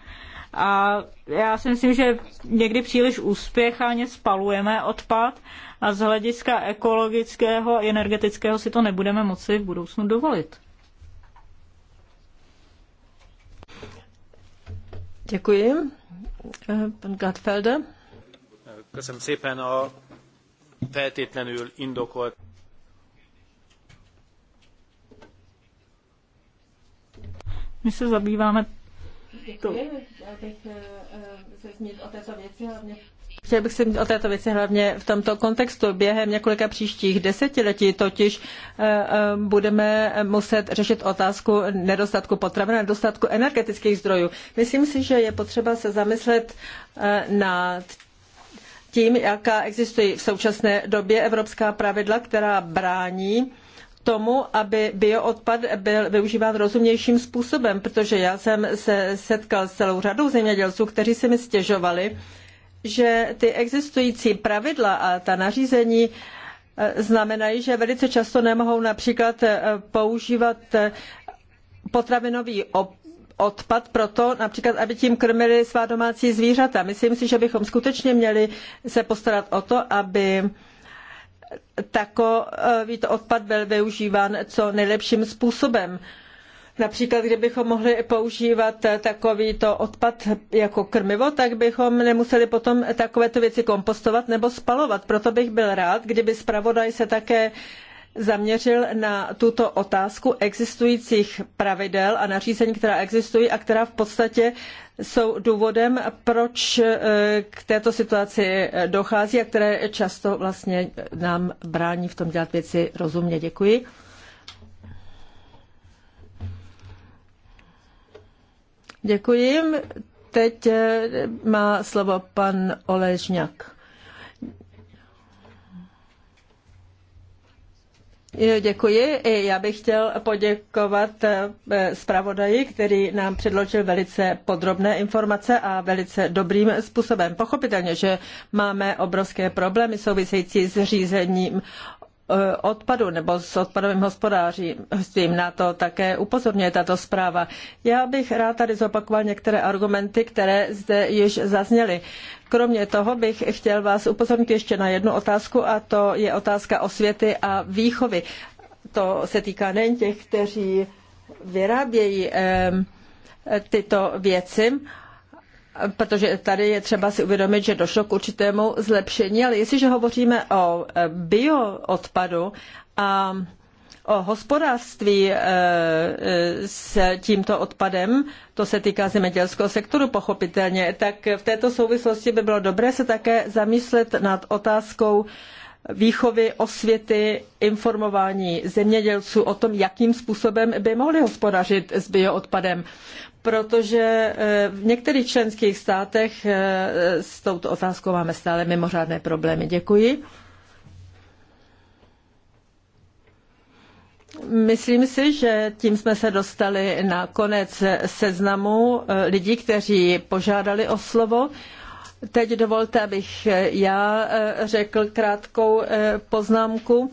A já si myslím, že někdy příliš úspěchaně spalujeme odpad a z hlediska ekologického a energetického si to nebudeme moci v budoucnu dovolit. Děkuji. Eh, pan Gatfelde. Köszönöm szépen a feltétlenül indokolt My se zabýváme Děkuji, eh, eh, Chtěl bych se mít o této věci hlavně v tomto kontextu. Během několika příštích desetiletí totiž eh, budeme muset řešit otázku nedostatku potravin a nedostatku energetických zdrojů. Myslím si, že je potřeba se zamyslet nad tím, jaká existují v současné době evropská pravidla, která brání tomu, aby bioodpad byl využíván rozumnějším způsobem, protože já jsem se setkal s celou řadou zemědělců, kteří se mi stěžovali, že ty existující pravidla a ta nařízení eh, znamenají, že velice často nemohou například eh, používat eh, potravinový odpad proto, například, aby tím krmili svá domácí zvířata. Myslím si, že bychom skutečně měli se postarat o to, aby takový eh, odpad byl využíván co nejlepším způsobem. Například, kdybychom mohli používat takovýto odpad jako krmivo, tak bychom nemuseli potom takovéto věci kompostovat nebo spalovat. Proto bych byl rád, kdyby zpravodaj se také uh, zaměřil na tuto otázku existujících pravidel a nařízení, která existují a která v podstatě jsou důvodem, proč eh, k této situaci eh, dochází a které často vlastně nám brání v tom dělat věci rozumně. Děkuji. Děkuji. Teď eh, má slovo pan Oležňák. Děkuji. Já bych chtěl poděkovat eh, zpravodaji, který nám předložil velice podrobné informace a velice dobrým způsobem. Pochopitelně, že máme obrovské problémy související s řízením Eh, odpadu nebo s odpadovým hospodářstvím. Na to také upozorňuje tato zpráva. Já bych rád tady zopakoval některé argumenty, které zde již zazněly. Kromě toho bych chtěl vás upozornit ještě na jednu otázku a to je otázka osvěty a výchovy. To se týká nejen těch, kteří vyrábějí eh, tyto věci, protože tady je třeba si uvědomit, že došlo k určitému zlepšení, ale jestliže hovoříme o eh, bioodpadu a o hospodářství eh, eh, s tímto odpadem, to se týká zemědělského sektoru pochopitelně, tak v této souvislosti by bylo dobré se také zamyslet nad otázkou výchovy, osvěty, informování zemědělců o tom, jakým způsobem by mohli hospodařit s bioodpadem protože eh, v některých členských státech eh, s touto otázkou máme stále mimořádné problémy. Děkuji. Myslím si, že tím jsme se dostali na konec seznamu eh, lidí, kteří požádali o slovo. Teď dovolte, abych já řekl krátkou poznámku.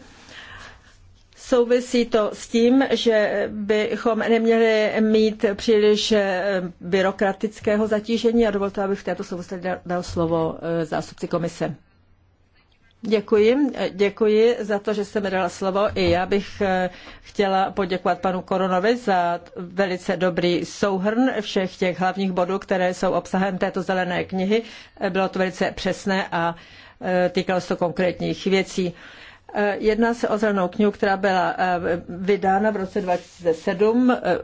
Souvisí to s tím, že bychom neměli mít příliš eh, byrokratického zatížení a dovolte, abych v této souvislosti dal slovo eh, zástupci komise. Děkuji, eh, děkuji za to, že jste mi dala slovo. I já bych chtěla poděkovat panu Koronovi za velice dobrý souhrn všech těch hlavních bodů, které jsou obsahem této zelené knihy. Bylo to velice přesné a týkalo se to konkrétních věcí. Eh, jedná se o zelenou knihu, která byla eh, vydána v roce 2007 eh,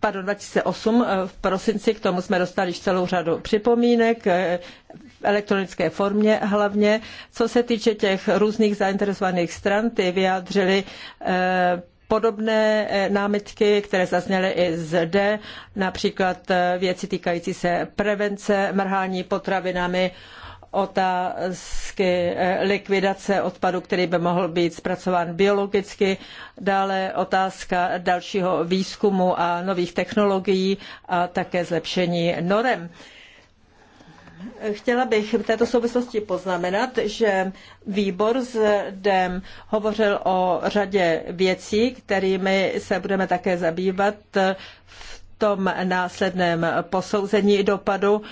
pardon, 2008 v prosinci, k tomu jsme dostali celou řadu připomínek v elektronické formě hlavně. Co se týče těch různých zainteresovaných stran, ty vyjádřili podobné námitky, které zazněly i zde, například věci týkající se prevence, mrhání potravinami, otázky eh, likvidace odpadu, který by mohl být zpracován biologicky, dále otázka dalšího výzkumu a nových technologií a také zlepšení norem. Chtěla bych v této souvislosti poznamenat, že výbor zde hovořil o řadě věcí, kterými se budeme také zabývat v tom následném posouzení dopadu,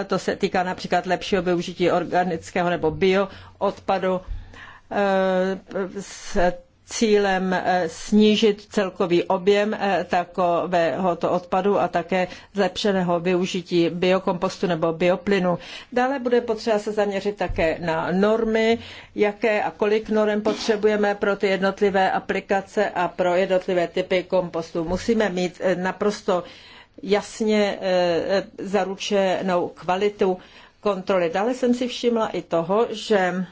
eh, to se týká například lepšího využití organického nebo bioodpadu, eh, cílem eh, snížit celkový objem eh, takového odpadu a také zlepšeného využití biokompostu nebo bioplynu. Dále bude potřeba se zaměřit také na normy, jaké a kolik norm potřebujeme pro ty jednotlivé aplikace a pro jednotlivé typy kompostu. Musíme mít eh, naprosto jasně zaručenou kvalitu kontroly. Dále jsem si všimla i toho, že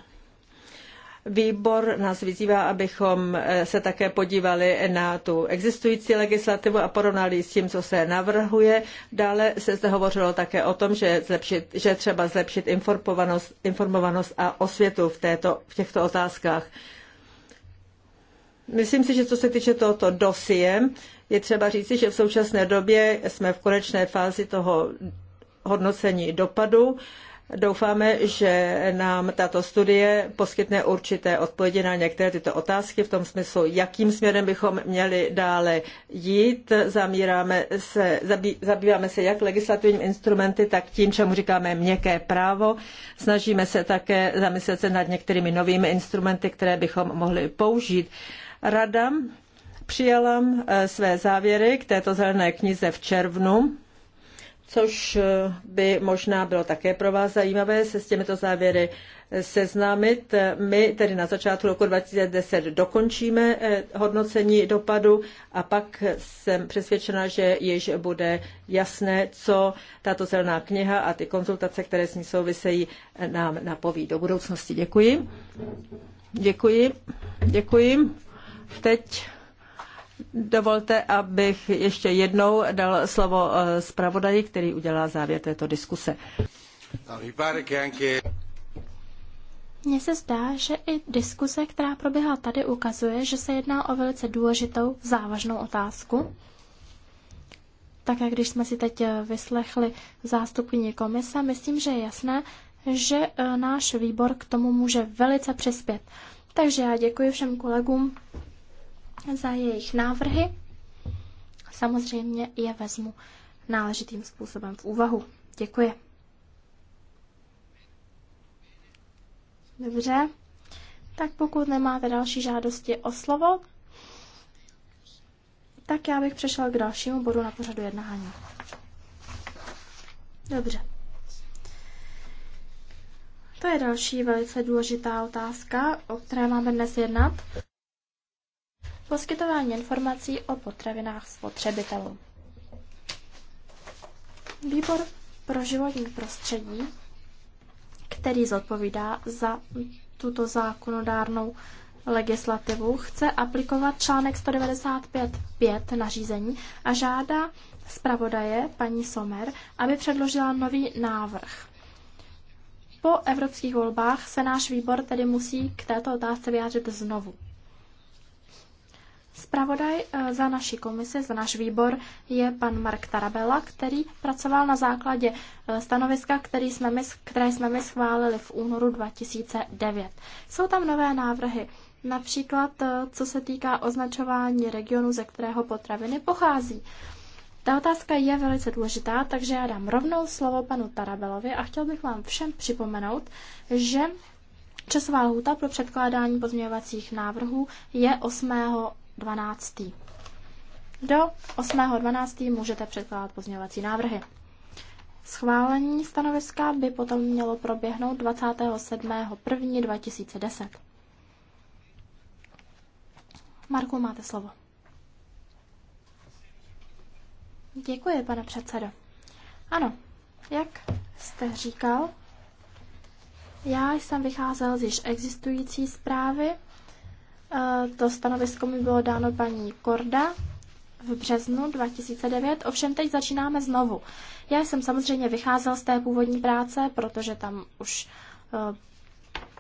Výbor nás vyzývá, abychom eh, se také podívali na tu existující legislativu a porovnali s tím, co se navrhuje. Dále se zde hovořilo také o tom, že, zlepšit, že třeba zlepšit informovanost, informovanost a osvětu v, této, v těchto otázkách. Myslím si, že co se týče tohoto dosie, je třeba říci, že v současné době jsme v konečné fázi toho hodnocení dopadu. Doufáme, že nám tato studie poskytne určité odpovědi na některé tyto otázky v tom smyslu, jakým směrem bychom měli dále jít. Zamíráme se, zabý, zabýváme se jak legislativními instrumenty, tak tím, čemu říkáme měkké právo. Snažíme se také zamyslet se nad některými novými instrumenty, které bychom mohli použít. Rada přijala eh, své závěry k této zelené knize v červnu což eh, by možná bylo také pro vás zajímavé se s těmito závěry eh, seznámit. My tedy na začátku roku 2010 dokončíme eh, hodnocení dopadu a pak jsem přesvědčena, že již bude jasné, co tato zelená kniha a ty konzultace, které s ní souvisejí, nám napoví do budoucnosti. Děkuji. Děkuji. Děkuji. Teď Dovolte, abych ještě jednou dal slovo eh, zpravodaji, který udělá závěr této diskuse. No, Mně se zdá, že i diskuse, která proběhla tady, ukazuje, že se jedná o velice důležitou, závažnou otázku. Tak jak když jsme si teď eh, vyslechli zástupkyni komise, myslím, že je jasné, že eh, náš výbor k tomu může velice přispět. Takže já děkuji všem kolegům, za jejich návrhy. Samozřejmě je vezmu náležitým způsobem v úvahu. Děkuji. Dobře, tak pokud nemáte další žádosti o slovo, tak já bych přešel k dalšímu bodu na pořadu jednání. Dobře. To je další velice důležitá otázka, o které máme dnes jednat. Poskytování informací o potravinách spotřebitelů. Výbor pro životní prostředí, který zodpovídá za tuto zákonodárnou legislativu, chce aplikovat článek 195.5 nařízení a žádá zpravodaje paní Somer, aby předložila nový návrh. Po evropských volbách se náš výbor tedy musí k této otázce vyjádřit znovu. Spravodaj eh, za naši komise, za náš výbor je pan Mark Tarabella, který pracoval na základě eh, stanoviska, který jsme my, které jsme my schválili v únoru 2009. Jsou tam nové návrhy, například eh, co se týká označování regionu, ze kterého potraviny pochází. Ta otázka je velice důležitá, takže já dám rovnou slovo panu Tarabelovi a chtěl bych vám všem připomenout, že Časová lhůta pro předkládání pozměňovacích návrhů je 8. 12. Do 8.12. můžete předkládat pozměňovací návrhy. Schválení stanoviska by potom mělo proběhnout 27.1.2010. Marku, máte slovo. Děkuji, pane předsedo. Ano, jak jste říkal, já jsem vycházel z již existující zprávy to stanovisko mi bylo dáno paní Korda v březnu 2009, ovšem teď začínáme znovu. Já jsem samozřejmě vycházel z té původní práce, protože tam už eh,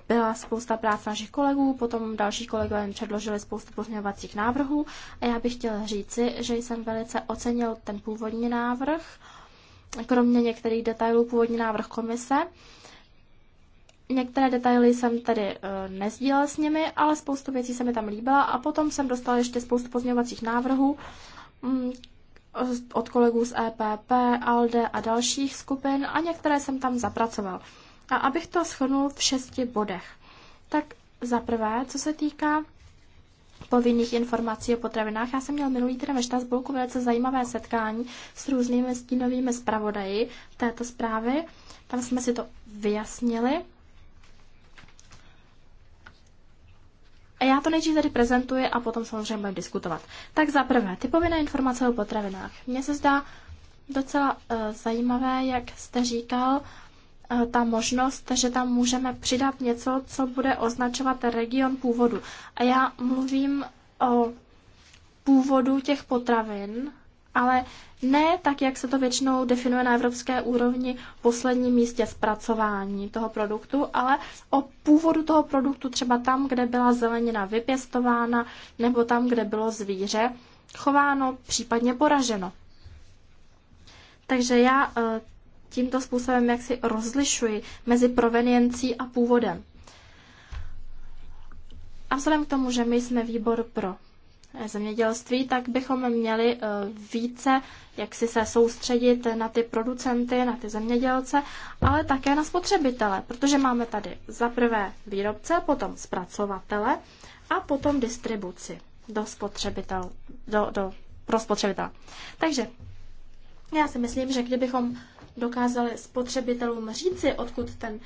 byla spousta práce našich kolegů, potom další kolegové mi předložili spoustu pozměňovacích návrhů a já bych chtěl říci, že jsem velice ocenil ten původní návrh, kromě některých detailů původní návrh komise Některé detaily jsem tady uh, eh, nezdílela s nimi, ale spoustu věcí se mi tam líbila a potom jsem dostala ještě spoustu pozměňovacích návrhů mm, od kolegů z EPP, ALDE a dalších skupin a některé jsem tam zapracoval. A abych to shrnul v šesti bodech. Tak za prvé, co se týká povinných informací o potravinách. Já jsem měl minulý týden ve Štrasburku velice zajímavé setkání s různými stínovými zpravodaji této zprávy. Tam jsme si to vyjasnili A já to nejdřív tady prezentuji a potom samozřejmě budeme diskutovat. Tak za prvé, typové informace o potravinách. Mně se zdá docela uh, zajímavé, jak jste říkal, uh, ta možnost, že tam můžeme přidat něco, co bude označovat region původu. A já mluvím o původu těch potravin, ale ne tak, jak se to většinou definuje na evropské úrovni v posledním místě zpracování toho produktu, ale o původu toho produktu třeba tam, kde byla zelenina vypěstována nebo tam, kde bylo zvíře chováno, případně poraženo. Takže já eh, tímto způsobem jak si rozlišuji mezi proveniencí a původem. A vzhledem k tomu, že my jsme výbor pro zemědělství, tak bychom měli eh, více jak si se soustředit na ty producenty, na ty zemědělce, ale také na spotřebitele, protože máme tady za prvé výrobce, potom zpracovatele a potom distribuci do spotřebitel, do, do, pro spotřebitele. Takže já si myslím, že kdybychom dokázali spotřebitelům říci, odkud ten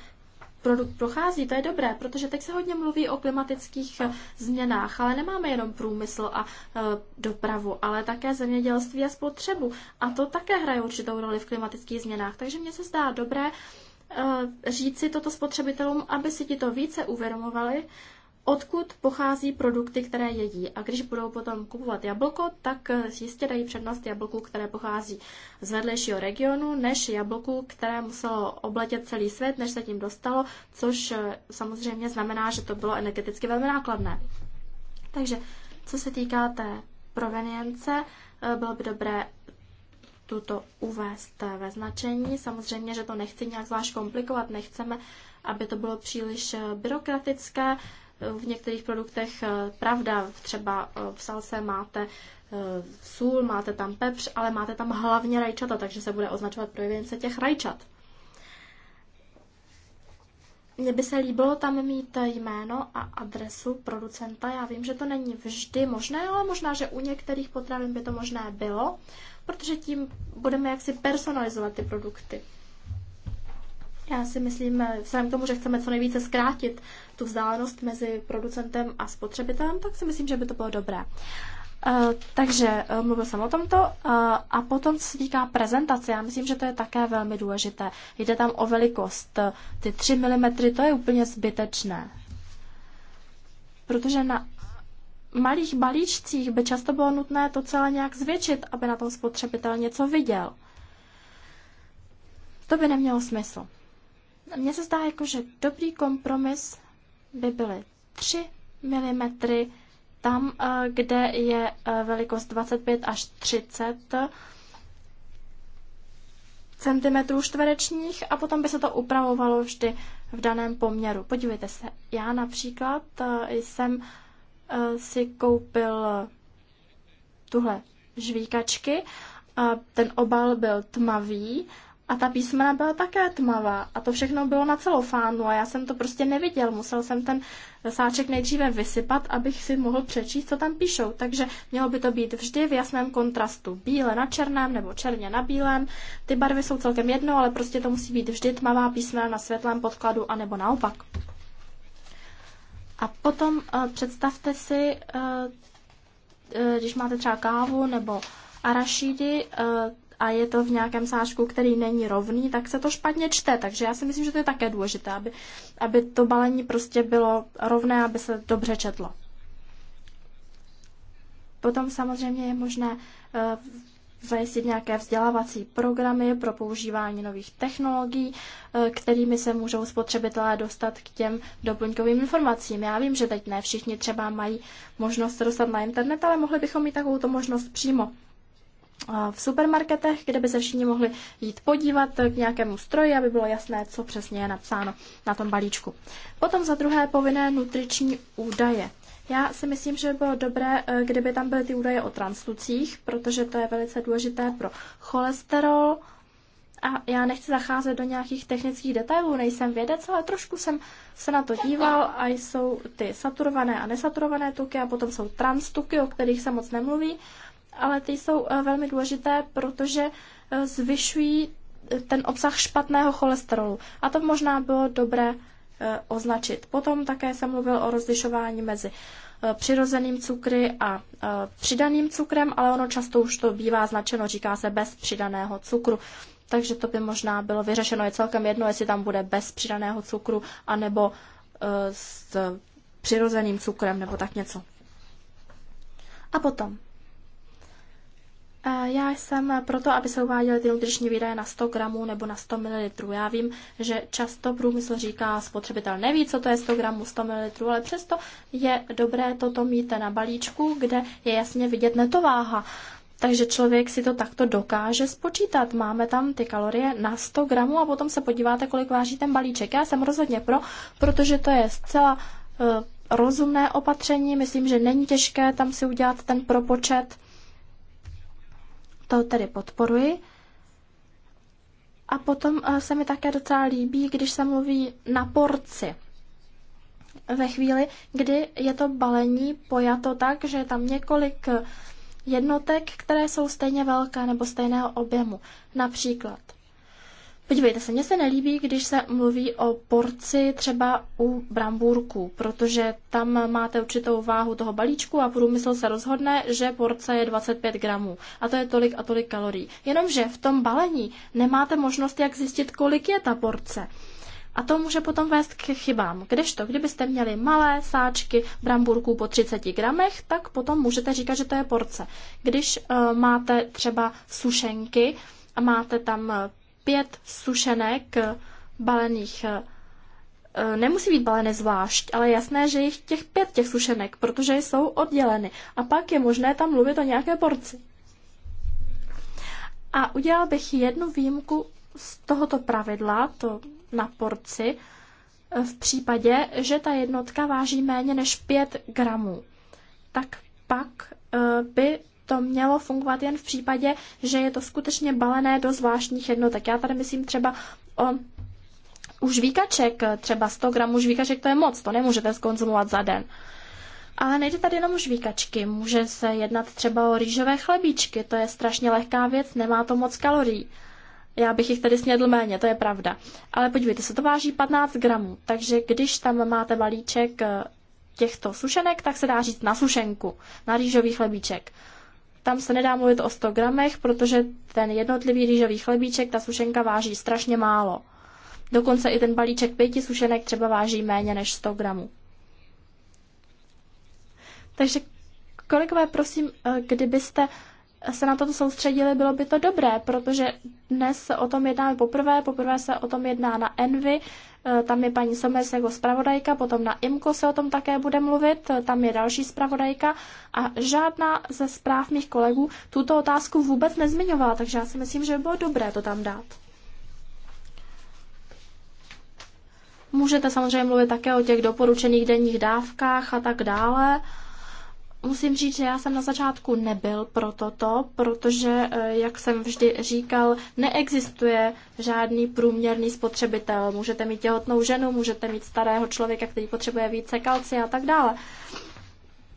prochází, to je dobré, protože teď se hodně mluví o klimatických eh, změnách, ale nemáme jenom průmysl a eh, dopravu, ale také zemědělství a spotřebu. A to také hraje určitou roli v klimatických změnách. Takže mně se zdá dobré eh, říci toto spotřebitelům, aby si ti to více uvědomovali odkud pochází produkty, které jedí. A když budou potom kupovat jablko, tak jistě dají přednost jablku, které pochází z vedlejšího regionu, než jablku, které muselo obletět celý svět, než se tím dostalo, což eh, samozřejmě znamená, že to bylo energeticky velmi nákladné. Takže co se týká té provenience, eh, bylo by dobré tuto uvést eh, ve značení. Samozřejmě, že to nechci nějak zvlášť komplikovat, nechceme, aby to bylo příliš byrokratické, v některých produktech eh, pravda. Třeba eh, v salse máte eh, sůl, máte tam pepř, ale máte tam hlavně rajčata, takže se bude označovat projevence těch rajčat. Mně by se líbilo tam mít jméno a adresu producenta. Já vím, že to není vždy možné, ale možná, že u některých potravin by to možné bylo, protože tím budeme jaksi personalizovat ty produkty. Já si myslím, eh, vzhledem k tomu, že chceme co nejvíce zkrátit tu vzdálenost mezi producentem a spotřebitelem, tak si myslím, že by to bylo dobré. Eh, takže eh, mluvil jsem o tomto a potom se týká prezentace. Já myslím, že to je také velmi důležité. Jde tam o velikost. Ty 3 mm to je úplně zbytečné. Protože na malých balíčcích by často bylo nutné to celé nějak zvětšit, aby na tom spotřebitel něco viděl. To by nemělo smysl. Mně se zdá, jako, že dobrý kompromis by byly 3 mm tam, eh, kde je eh, velikost 25 až 30 centimetrů čtverečních a potom by se to upravovalo vždy v daném poměru. Podívejte se, já například eh, jsem si koupil tuhle žvíkačky, ten obal byl tmavý a ta písmena byla také tmavá a to všechno bylo na celofánu a já jsem to prostě neviděl. Musel jsem ten sáček nejdříve vysypat, abych si mohl přečíst, co tam píšou. Takže mělo by to být vždy v jasném kontrastu. Bíle na černém nebo černě na bílém. Ty barvy jsou celkem jedno, ale prostě to musí být vždy tmavá písmena na světlém podkladu a nebo naopak. A potom uh, představte si, uh, když máte třeba kávu nebo arašídy, uh, a je to v nějakém sáčku, který není rovný, tak se to špatně čte. Takže já si myslím, že to je také důležité, aby, aby to balení prostě bylo rovné, aby se dobře četlo. Potom samozřejmě je možné eh, zajistit nějaké vzdělávací programy pro používání nových technologií, eh, kterými se můžou spotřebitelé dostat k těm doplňkovým informacím. Já vím, že teď ne všichni třeba mají možnost se dostat na internet, ale mohli bychom mít takovou možnost přímo v supermarketech, kde by se všichni mohli jít podívat k nějakému stroji, aby bylo jasné, co přesně je napsáno na tom balíčku. Potom za druhé povinné nutriční údaje. Já si myslím, že by bylo dobré, eh, kdyby tam byly ty údaje o translucích, protože to je velice důležité pro cholesterol. A já nechci zacházet do nějakých technických detailů, nejsem vědec, ale trošku jsem se na to díval a jsou ty saturované a nesaturované tuky a potom jsou transtuky, o kterých se moc nemluví ale ty jsou eh, velmi důležité, protože eh, zvyšují eh, ten obsah špatného cholesterolu. A to možná bylo dobré označit. Potom také jsem mluvil o rozlišování mezi přirozeným cukry a přidaným cukrem, ale ono často už to bývá značeno, říká se bez přidaného cukru. Takže to by možná bylo vyřešeno. Je celkem jedno, jestli tam bude bez přidaného cukru, anebo s přirozeným cukrem, nebo tak něco. A potom já jsem proto, aby se uváděly ty nutriční výdaje na 100 gramů nebo na 100 ml. Já vím, že často průmysl říká, spotřebitel neví, co to je 100 gramů, 100 ml, ale přesto je dobré toto mít na balíčku, kde je jasně vidět netováha. Takže člověk si to takto dokáže spočítat. Máme tam ty kalorie na 100 gramů a potom se podíváte, kolik váží ten balíček. Já jsem rozhodně pro, protože to je zcela eh, rozumné opatření. Myslím, že není těžké tam si udělat ten propočet. To tedy podporuji. A potom eh, se mi také docela líbí, když se mluví na porci. Ve chvíli, kdy je to balení pojato tak, že je tam několik jednotek, které jsou stejně velké nebo stejného objemu. Například Podívejte se, mně se nelíbí, když se mluví o porci třeba u brambůrku, protože tam máte určitou váhu toho balíčku a průmysl se rozhodne, že porce je 25 gramů a to je tolik a tolik kalorií. Jenomže v tom balení nemáte možnost, jak zjistit, kolik je ta porce. A to může potom vést k chybám. Kdežto, kdybyste měli malé sáčky bramburků po 30 gramech, tak potom můžete říkat, že to je porce. Když uh, máte třeba sušenky a máte tam eh, pět sušenek eh, balených eh, eh, nemusí být balené zvlášť, ale jasné, že jich těch pět těch sušenek, protože jsou odděleny. A pak je možné tam mluvit o nějaké porci. A udělal bych jednu výjimku z tohoto pravidla, to na porci, v případě, že ta jednotka váží méně než 5 gramů. Tak pak by to mělo fungovat jen v případě, že je to skutečně balené do zvláštních jednotek. Já tady myslím třeba o u žvíkaček, třeba 100 gramů žvíkaček, to je moc, to nemůžete skonzumovat za den. Ale nejde tady jenom žvíkačky, může se jednat třeba o rýžové chlebíčky, to je strašně lehká věc, nemá to moc kalorií. Já bych jich tady snědl méně, to je pravda. Ale podívejte se, to váží 15 gramů, takže když tam máte balíček eh, těchto sušenek, tak se dá říct na sušenku, na rýžový chlebíček. Tam se nedá mluvit o 100 gramech, protože ten jednotlivý rýžový chlebíček, ta sušenka váží strašně málo. Dokonce i ten balíček pěti sušenek třeba váží méně než 100 gramů. Takže kolegové, prosím, eh, kdybyste se na to soustředili, bylo by to dobré, protože dnes se o tom jednáme poprvé, poprvé se o tom jedná na Envy, e, tam je paní Somers jako zpravodajka, potom na IMKO se o tom také bude mluvit, e, tam je další zpravodajka a žádná ze zpráv mých kolegů tuto otázku vůbec nezmiňovala, takže já si myslím, že by bylo dobré to tam dát. Můžete samozřejmě mluvit také o těch doporučených denních dávkách a tak dále. Musím říct, že já jsem na začátku nebyl pro toto, protože, eh, jak jsem vždy říkal, neexistuje žádný průměrný spotřebitel. Můžete mít těhotnou ženu, můžete mít starého člověka, který potřebuje více kalcia a tak dále.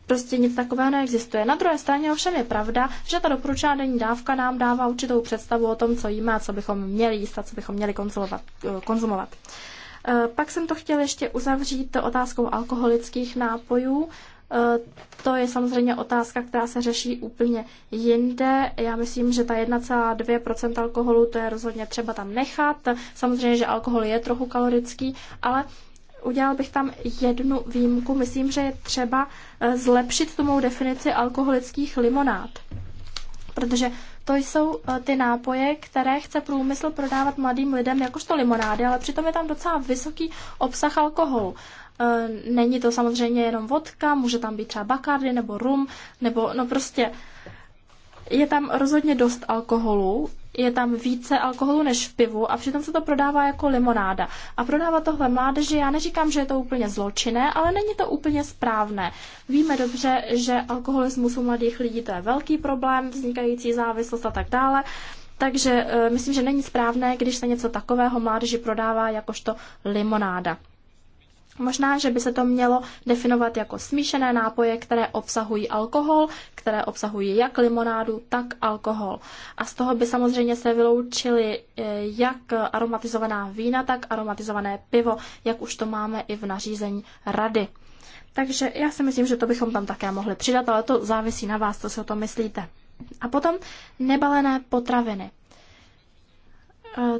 Prostě nic takového neexistuje. Na druhé straně ovšem je pravda, že ta doporučená denní dávka nám dává určitou představu o tom, co jí má, co bychom měli jíst a co bychom měli eh, konzumovat. Eh, pak jsem to chtěl ještě uzavřít otázkou alkoholických nápojů. Eh, to je samozřejmě otázka, která se řeší úplně jinde. Já myslím, že ta 1,2% alkoholu, to je rozhodně třeba tam nechat. Samozřejmě, že alkohol je trochu kalorický, ale udělal bych tam jednu výjimku. Myslím, že je třeba eh, zlepšit tu mou definici alkoholických limonád. Protože to jsou eh, ty nápoje, které chce průmysl prodávat mladým lidem jakožto limonády, ale přitom je tam docela vysoký obsah alkoholu. E, není to samozřejmě jenom vodka, může tam být třeba bakardy nebo rum, nebo no prostě je tam rozhodně dost alkoholu, je tam více alkoholu než v pivu a přitom se to prodává jako limonáda. A prodávat tohle mládeži, já neříkám, že je to úplně zločinné, ale není to úplně správné. Víme dobře, že alkoholismus u mladých lidí to je velký problém, vznikající závislost a tak dále. Takže e, myslím, že není správné, když se něco takového mládeži prodává jakožto limonáda. Možná, že by se to mělo definovat jako smíšené nápoje, které obsahují alkohol, které obsahují jak limonádu, tak alkohol. A z toho by samozřejmě se vyloučily eh, jak aromatizovaná vína, tak aromatizované pivo, jak už to máme i v nařízení rady. Takže já si myslím, že to bychom tam také mohli přidat, ale to závisí na vás, co si o tom myslíte. A potom nebalené potraviny eh,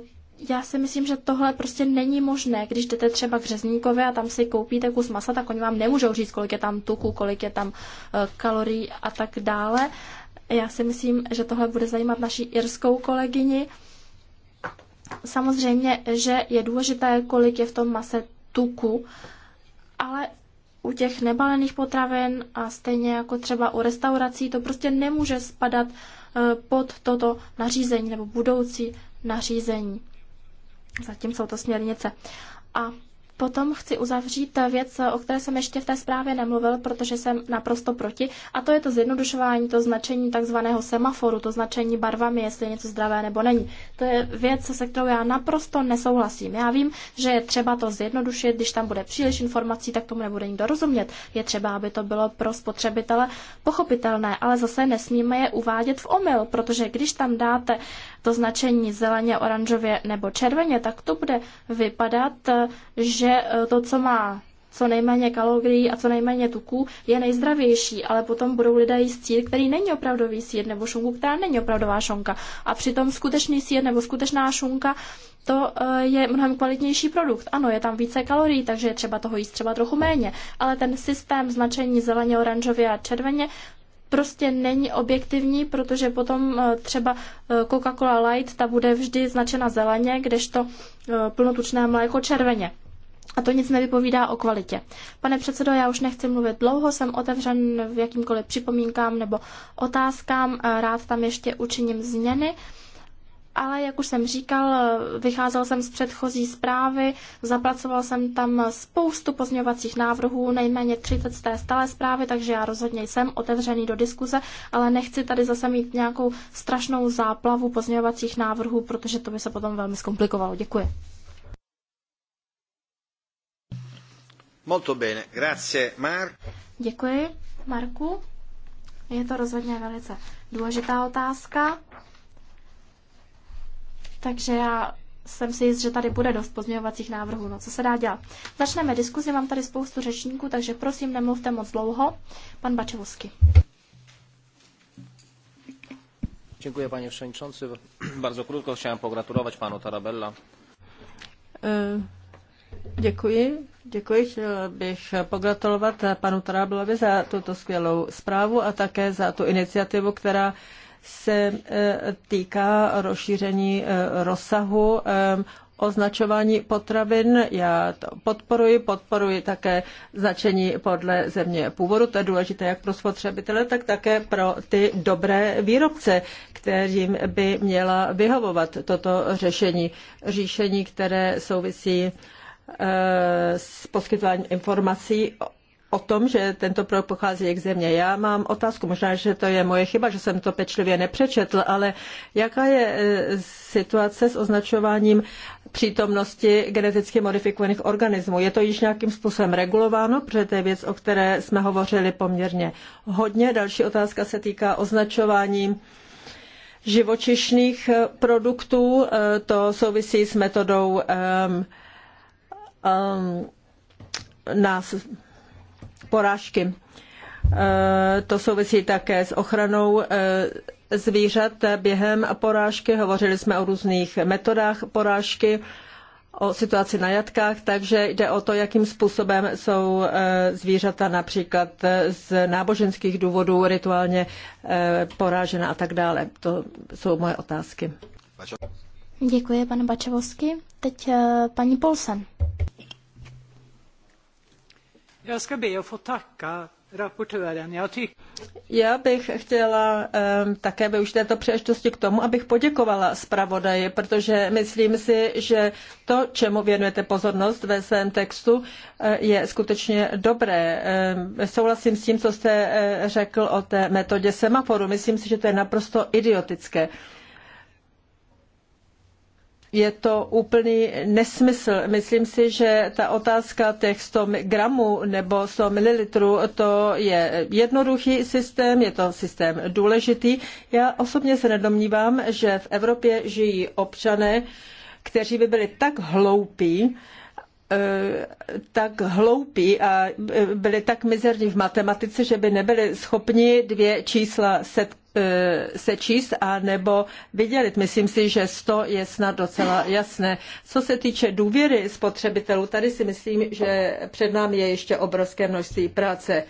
já si myslím, že tohle prostě není možné. Když jdete třeba k řezníkovi a tam si koupíte kus masa, tak oni vám nemůžou říct, kolik je tam tuku, kolik je tam eh, kalorií a tak dále. Já si myslím, že tohle bude zajímat naší irskou kolegyni. Samozřejmě, že je důležité, kolik je v tom mase tuku, ale u těch nebalených potravin a stejně jako třeba u restaurací to prostě nemůže spadat eh, pod toto nařízení nebo budoucí nařízení. Zatím jsou to směrnice. A potom chci uzavřít věc, o které jsem ještě v té zprávě nemluvil, protože jsem naprosto proti, a to je to zjednodušování, to značení takzvaného semaforu, to značení barvami, jestli je něco zdravé nebo není. To je věc, se kterou já naprosto nesouhlasím. Já vím, že je třeba to zjednodušit, když tam bude příliš informací, tak tomu nebude nikdo rozumět. Je třeba, aby to bylo pro spotřebitele pochopitelné, ale zase nesmíme je uvádět v omyl, protože když tam dáte to značení zeleně, oranžově nebo červeně, tak to bude vypadat, eh, že eh, to, co má co nejméně kalorií a co nejméně tuků, je nejzdravější, ale potom budou lidé jíst sír, který není opravdový sír, nebo šunku, která není opravdová šunka. A přitom skutečný sír nebo skutečná šunka, to eh, je mnohem kvalitnější produkt. Ano, je tam více kalorií, takže je třeba toho jíst třeba trochu méně, ale ten systém značení zeleně, oranžově a červeně, prostě není objektivní, protože potom eh, třeba eh, Coca-Cola Light, ta bude vždy značena zeleně, kdežto eh, plnotučné mléko červeně. A to nic nevypovídá o kvalitě. Pane předsedo, já už nechci mluvit dlouho, jsem otevřen v jakýmkoliv připomínkám nebo otázkám, rád tam ještě učiním změny ale jak už jsem říkal, vycházel jsem z předchozí zprávy, zapracoval jsem tam spoustu pozměňovacích návrhů, nejméně 30 z té stále zprávy, takže já rozhodně jsem otevřený do diskuze, ale nechci tady zase mít nějakou strašnou záplavu pozměňovacích návrhů, protože to by se potom velmi zkomplikovalo. Děkuji. Molto bene, grazie Mark. Děkuji, Marku. Je to rozhodně velice důležitá otázka. Takže já jsem si jist, že tady bude dost pozměňovacích návrhů. No, co se dá dělat? Začneme diskuzi, mám tady spoustu řečníků, takže prosím, nemluvte moc dlouho. Pan Bačevusky. Děkuji, panie przewodniczący. Bardzo krótko chciałem pogratulować panu Tarabella. E, děkuji. Děkuji. Chtěl bych pogratulovat panu Tarabellovi za tuto skvělou zprávu a také za tu iniciativu, která se e, týká rozšíření e, rozsahu e, označování potravin. Já to podporuji, podporuji také značení podle země původu. To je důležité jak pro spotřebitele, tak také pro ty dobré výrobce, kterým by měla vyhovovat toto řešení. Řešení, které souvisí s poskytováním informací o tom, že tento prorok pochází jak země. Já mám otázku, možná, že to je moje chyba, že jsem to pečlivě nepřečetl, ale jaká je e, situace s označováním přítomnosti geneticky modifikovaných organismů? Je to již nějakým způsobem regulováno, protože to je věc, o které jsme hovořili poměrně hodně. Další otázka se týká označování živočišných e, produktů. E, to souvisí s metodou um, um, nás porážky. E, to souvisí také s ochranou e, zvířat během porážky. Hovořili jsme o různých metodách porážky, o situaci na jatkách, takže jde o to, jakým způsobem jsou e, zvířata například z náboženských důvodů rituálně porážena a tak dále. To jsou moje otázky. Děkuji, pane Bačevosky. Teď paní Polsen já bych chtěla um, také využít této příležitosti k tomu, abych poděkovala zpravodaji, protože myslím si, že to, čemu věnujete pozornost ve svém textu, eh, je skutečně dobré. Um, souhlasím s tím, co jste eh, řekl o té metodě semaforu. Myslím si, že to je naprosto idiotické je to úplný nesmysl. Myslím si, že ta otázka těch 100 gramů nebo 100 mililitrů, to je jednoduchý systém, je to systém důležitý. Já osobně se nedomnívám, že v Evropě žijí občané, kteří by byli tak hloupí, Eh, tak hloupí a eh, byli tak mizerní v matematice, že by nebyli schopni dvě čísla set, eh, sečíst a nebo vydělit. Myslím si, že 100 je snad docela jasné. Co se týče důvěry spotřebitelů, tady si myslím, že před námi je ještě obrovské množství práce.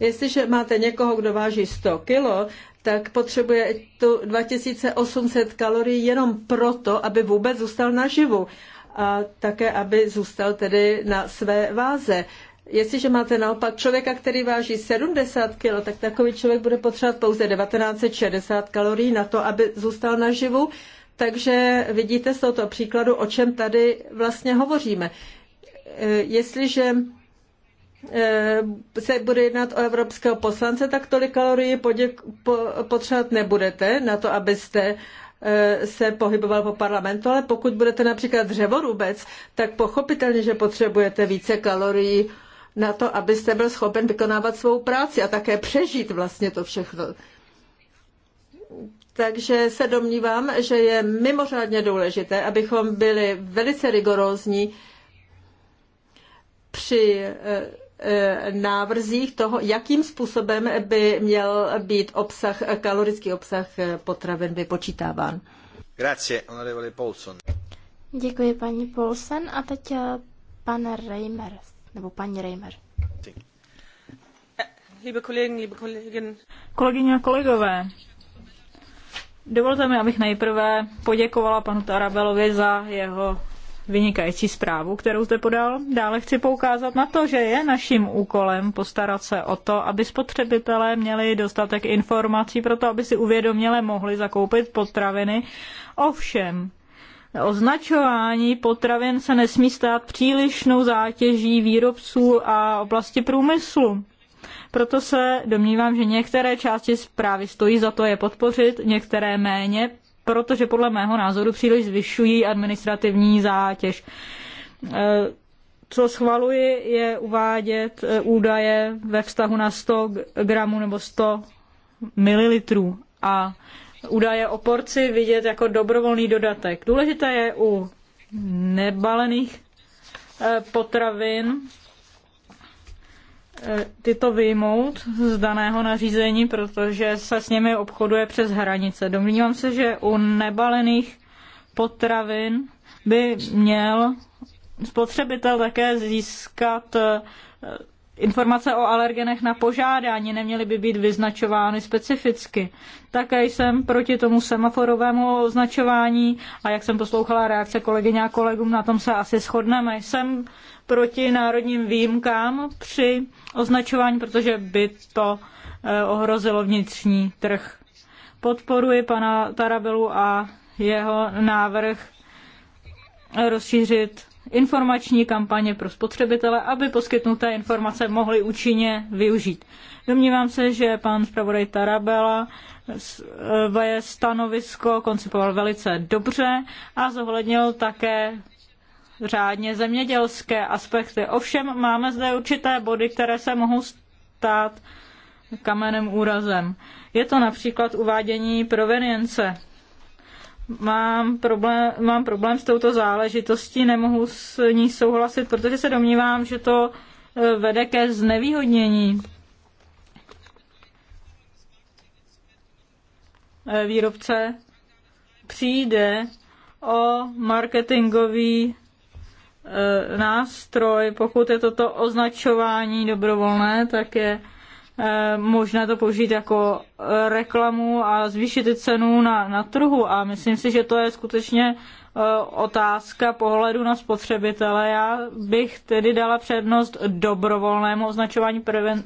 Jestliže máte někoho, kdo váží 100 kilo, tak potřebuje tu 2800 kalorií jenom proto, aby vůbec zůstal naživu a také, aby zůstal tedy na své váze. Jestliže máte naopak člověka, který váží 70 kg, tak takový člověk bude potřebovat pouze 1960 kalorií na to, aby zůstal naživu. Takže vidíte z tohoto příkladu, o čem tady vlastně hovoříme. E, jestliže e, se bude jednat o evropského poslance, tak tolik kalorii potřebovat nebudete na to, abyste Eh, se pohyboval po parlamentu, ale pokud budete například dřevorubec, tak pochopitelně, že potřebujete více kalorií na to, abyste byl schopen vykonávat svou práci a také přežít vlastně to všechno. Takže se domnívám, že je mimořádně důležité, abychom byli velice rigorózní při eh, Eh, návrzích toho, jakým způsobem by měl být obsah, kalorický obsah eh, potravin vypočítáván. Grazie, onorevole Paulson. Děkuji, paní Paulsen. A teď eh, pan Reimer, nebo paní Reimer. Kolegyně a kolegové, dovolte mi, abych nejprve poděkovala panu Tarabelovi za jeho vynikající zprávu, kterou zde podal. Dále chci poukázat na to, že je naším úkolem postarat se o to, aby spotřebitelé měli dostatek informací pro to, aby si uvědoměle mohli zakoupit potraviny. Ovšem, označování potravin se nesmí stát přílišnou zátěží výrobců a oblasti průmyslu. Proto se domnívám, že některé části zprávy stojí za to je podpořit, některé méně, protože podle mého názoru příliš zvyšují administrativní zátěž. Eh, co schvaluji, je uvádět eh, údaje ve vztahu na 100 gramů nebo 100 mililitrů a údaje o porci vidět jako dobrovolný dodatek. Důležité je u nebalených eh, potravin Eh, tyto vyjmout z daného nařízení, protože se s nimi obchoduje přes hranice. Domnívám se, že u nebalených potravin by měl spotřebitel také získat eh, informace o alergenech na požádání neměly by být vyznačovány specificky. Také jsem proti tomu semaforovému označování a jak jsem poslouchala reakce kolegyně a kolegům, na tom se asi shodneme. Jsem proti národním výjimkám při označování, protože by to eh, ohrozilo vnitřní trh. Podporuji pana Tarabelu a jeho návrh rozšířit informační kampaně pro spotřebitele, aby poskytnuté informace mohly účinně využít. Domnívám se, že pan zpravodaj Tarabela svoje eh, stanovisko koncipoval velice dobře a zohlednil také řádně zemědělské aspekty. Ovšem máme zde určité body, které se mohou stát kamenem úrazem. Je to například uvádění provenience mám problém, mám problém s touto záležitostí, nemohu s ní souhlasit, protože se domnívám, že to eh, vede ke znevýhodnění eh, výrobce přijde o marketingový eh, nástroj, pokud je toto označování dobrovolné, tak je Eh, možné to použít jako eh, reklamu a zvýšit cenu na, na trhu. A myslím si, že to je skutečně eh, otázka pohledu na spotřebitele. Já bych tedy dala přednost dobrovolnému označování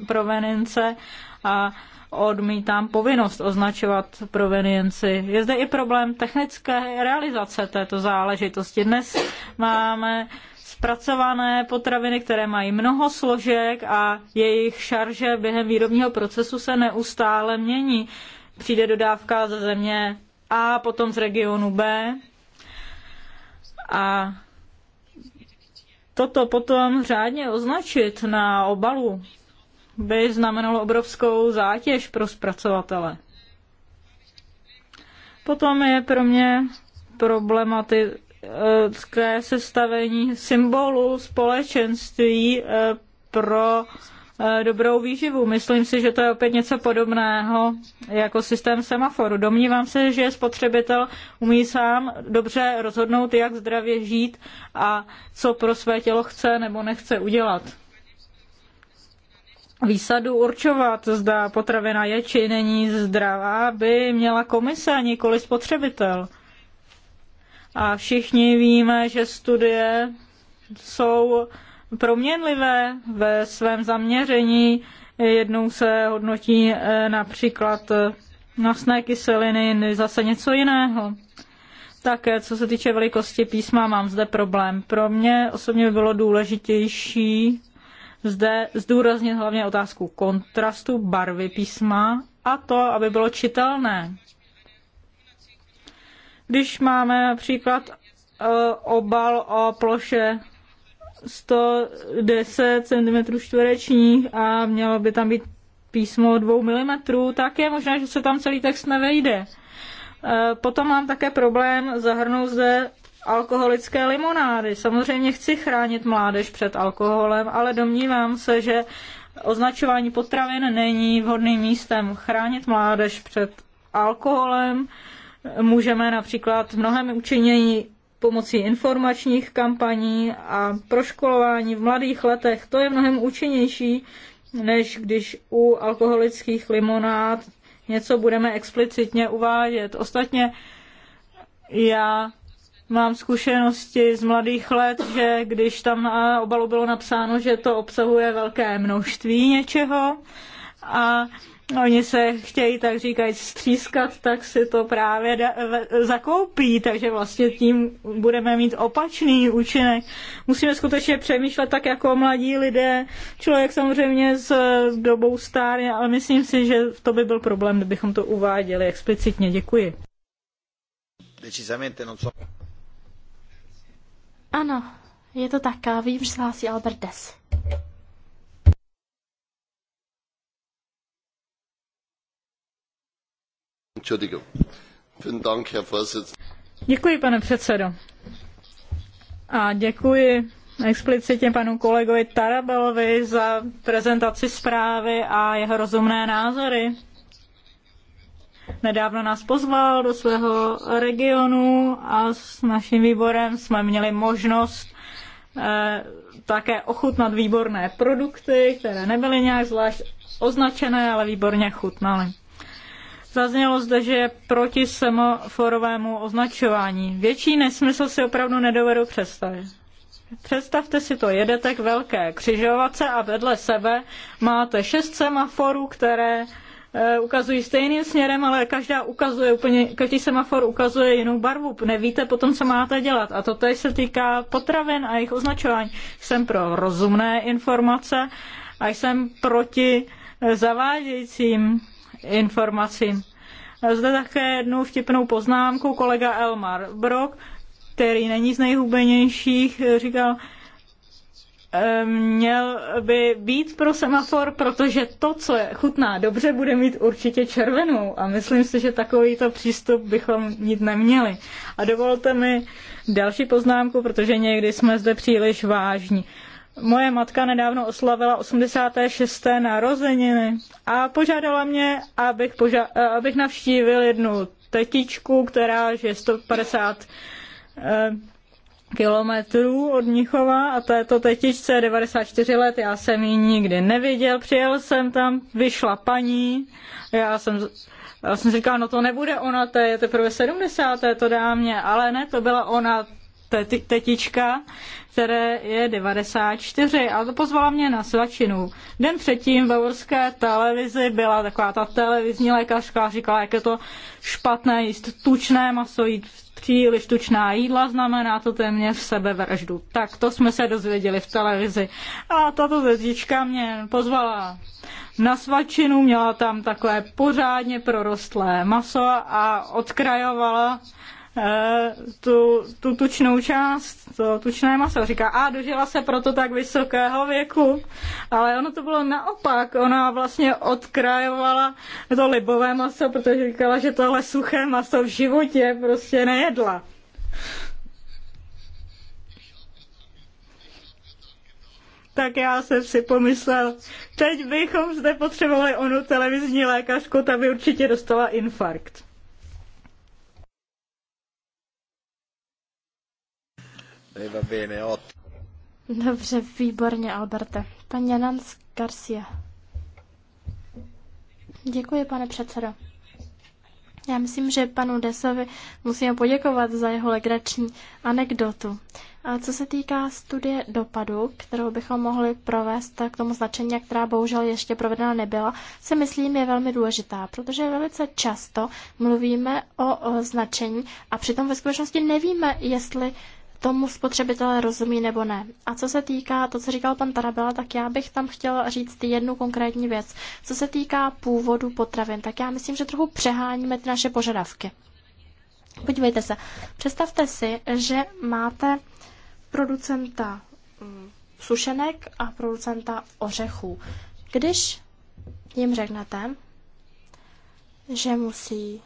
provenience a odmítám povinnost označovat provenienci. Je zde i problém technické realizace této záležitosti. Dnes máme zpracované potraviny, které mají mnoho složek a jejich šarže během výrobního procesu se neustále mění. Přijde dodávka ze země A, potom z regionu B a toto potom řádně označit na obalu by znamenalo obrovskou zátěž pro zpracovatele. Potom je pro mě problematické ke eh, eh, sestavení symbolu společenství eh, pro dobrou výživu. Myslím si, že to je opět něco podobného jako systém semaforu. Domnívám se, že spotřebitel umí sám dobře rozhodnout, jak zdravě žít a co pro své tělo chce nebo nechce udělat. Výsadu určovat, zda potravina je či není zdravá, by měla komise, nikoli spotřebitel. A všichni víme, že studie jsou proměnlivé ve svém zaměření. Jednou se hodnotí eh, například eh, nosné kyseliny, zase něco jiného. Také co se týče velikosti písma, mám zde problém. Pro mě osobně by bylo důležitější zde zdůraznit hlavně otázku kontrastu barvy písma a to, aby bylo čitelné. Když máme například eh, obal o ploše 110 cm čtverečních a mělo by tam být písmo 2 mm, tak je možné, že se tam celý text nevejde. Eh, potom mám také problém zahrnout zde alkoholické limonády. Samozřejmě chci chránit mládež před alkoholem, ale domnívám se, že označování potravin není vhodným místem. Chránit mládež před alkoholem můžeme například mnohem učinění pomocí informačních kampaní a proškolování v mladých letech. To je mnohem účinnější, než když u alkoholických limonád něco budeme explicitně uvádět. Ostatně já mám zkušenosti z mladých let, že když tam na obalu bylo napsáno, že to obsahuje velké množství něčeho a oni se chtějí, tak říkají, střískat, tak si to právě da- zakoupí, takže vlastně tím budeme mít opačný účinek. Musíme skutečně přemýšlet tak jako mladí lidé. Člověk samozřejmě s dobou stárně, ale myslím si, že to by byl problém, kdybychom to uváděli explicitně. Děkuji. Ano, je to tak. Vím, že se hlásí Albert Des. Děkuji, pane předsedo. A děkuji explicitně panu kolegovi Tarabelovi za prezentaci zprávy a jeho rozumné názory. Nedávno nás pozval do svého regionu a s naším výborem jsme měli možnost eh, také ochutnat výborné produkty, které nebyly nějak zvlášť označené, ale výborně chutnaly. Zaznělo zde, že je proti semaforovému označování. Větší nesmysl si opravdu nedovedu představit. Představte si to, jedete k velké křižovatce a vedle sebe máte šest semaforů, které eh, ukazují stejným směrem, ale každá ukazuje úplně, každý semafor ukazuje jinou barvu. Nevíte potom, co máte dělat. A to tady se týká potravin a jejich označování. Jsem pro rozumné informace a jsem proti eh, zavádějícím informacím. Zde také jednu vtipnou poznámku kolega Elmar Brok, který není z nejhubenějších, říkal, měl by být pro semafor, protože to, co je chutná dobře, bude mít určitě červenou. A myslím si, že takovýto přístup bychom mít neměli. A dovolte mi další poznámku, protože někdy jsme zde příliš vážní. Moje matka nedávno oslavila 86. narozeniny a požádala mě, abych, poža- eh, abych navštívil jednu tetičku, která je 150 eh, kilometrů od Mnichova a této tetičce je 94 let, já jsem ji nikdy neviděl, přijel jsem tam, vyšla paní, já jsem, já jsem říkal, no to nebude ona, to je teprve 70. to dámě, ale ne, to byla ona, tetička, které je 94 a pozvala mě na svačinu. Den předtím ve urské televizi byla taková ta televizní lékařka a říkala, jak je to špatné jíst tučné maso, jít příliš tučná jídla, znamená to téměř sebevraždu. Tak to jsme se dozvěděli v televizi. A tato tetička mě pozvala na svačinu, měla tam takové pořádně prorostlé maso a odkrajovala Eh, tu, tu tučnou část, to tučné maso. Říká, a dožila se proto tak vysokého věku. Ale ono to bylo naopak. Ona vlastně odkrajovala to libové maso, protože říkala, že tohle suché maso v životě prostě nejedla. tak já jsem si pomyslel, teď bychom zde potřebovali onu televizní lékařku, ta by určitě dostala infarkt. Dobře, výborně, Alberte. Pan Janans Garcia. Děkuji, pane předsedo. Já myslím, že panu Desovi musíme poděkovat za jeho legrační anekdotu. A co se týká studie dopadu, kterou bychom mohli provést k tomu značení, která bohužel ještě provedena nebyla, se myslím je velmi důležitá, protože velice často mluvíme o, o značení a přitom ve skutečnosti nevíme, jestli tomu spotřebitelé rozumí nebo ne. A co se týká to, co říkal pan Tarabela, tak já bych tam chtěla říct jednu konkrétní věc. Co se týká původu potravin, tak já myslím, že trochu přeháníme ty naše požadavky. Podívejte se, představte si, že máte producenta mm, sušenek a producenta ořechů. Když jim řeknete, že musí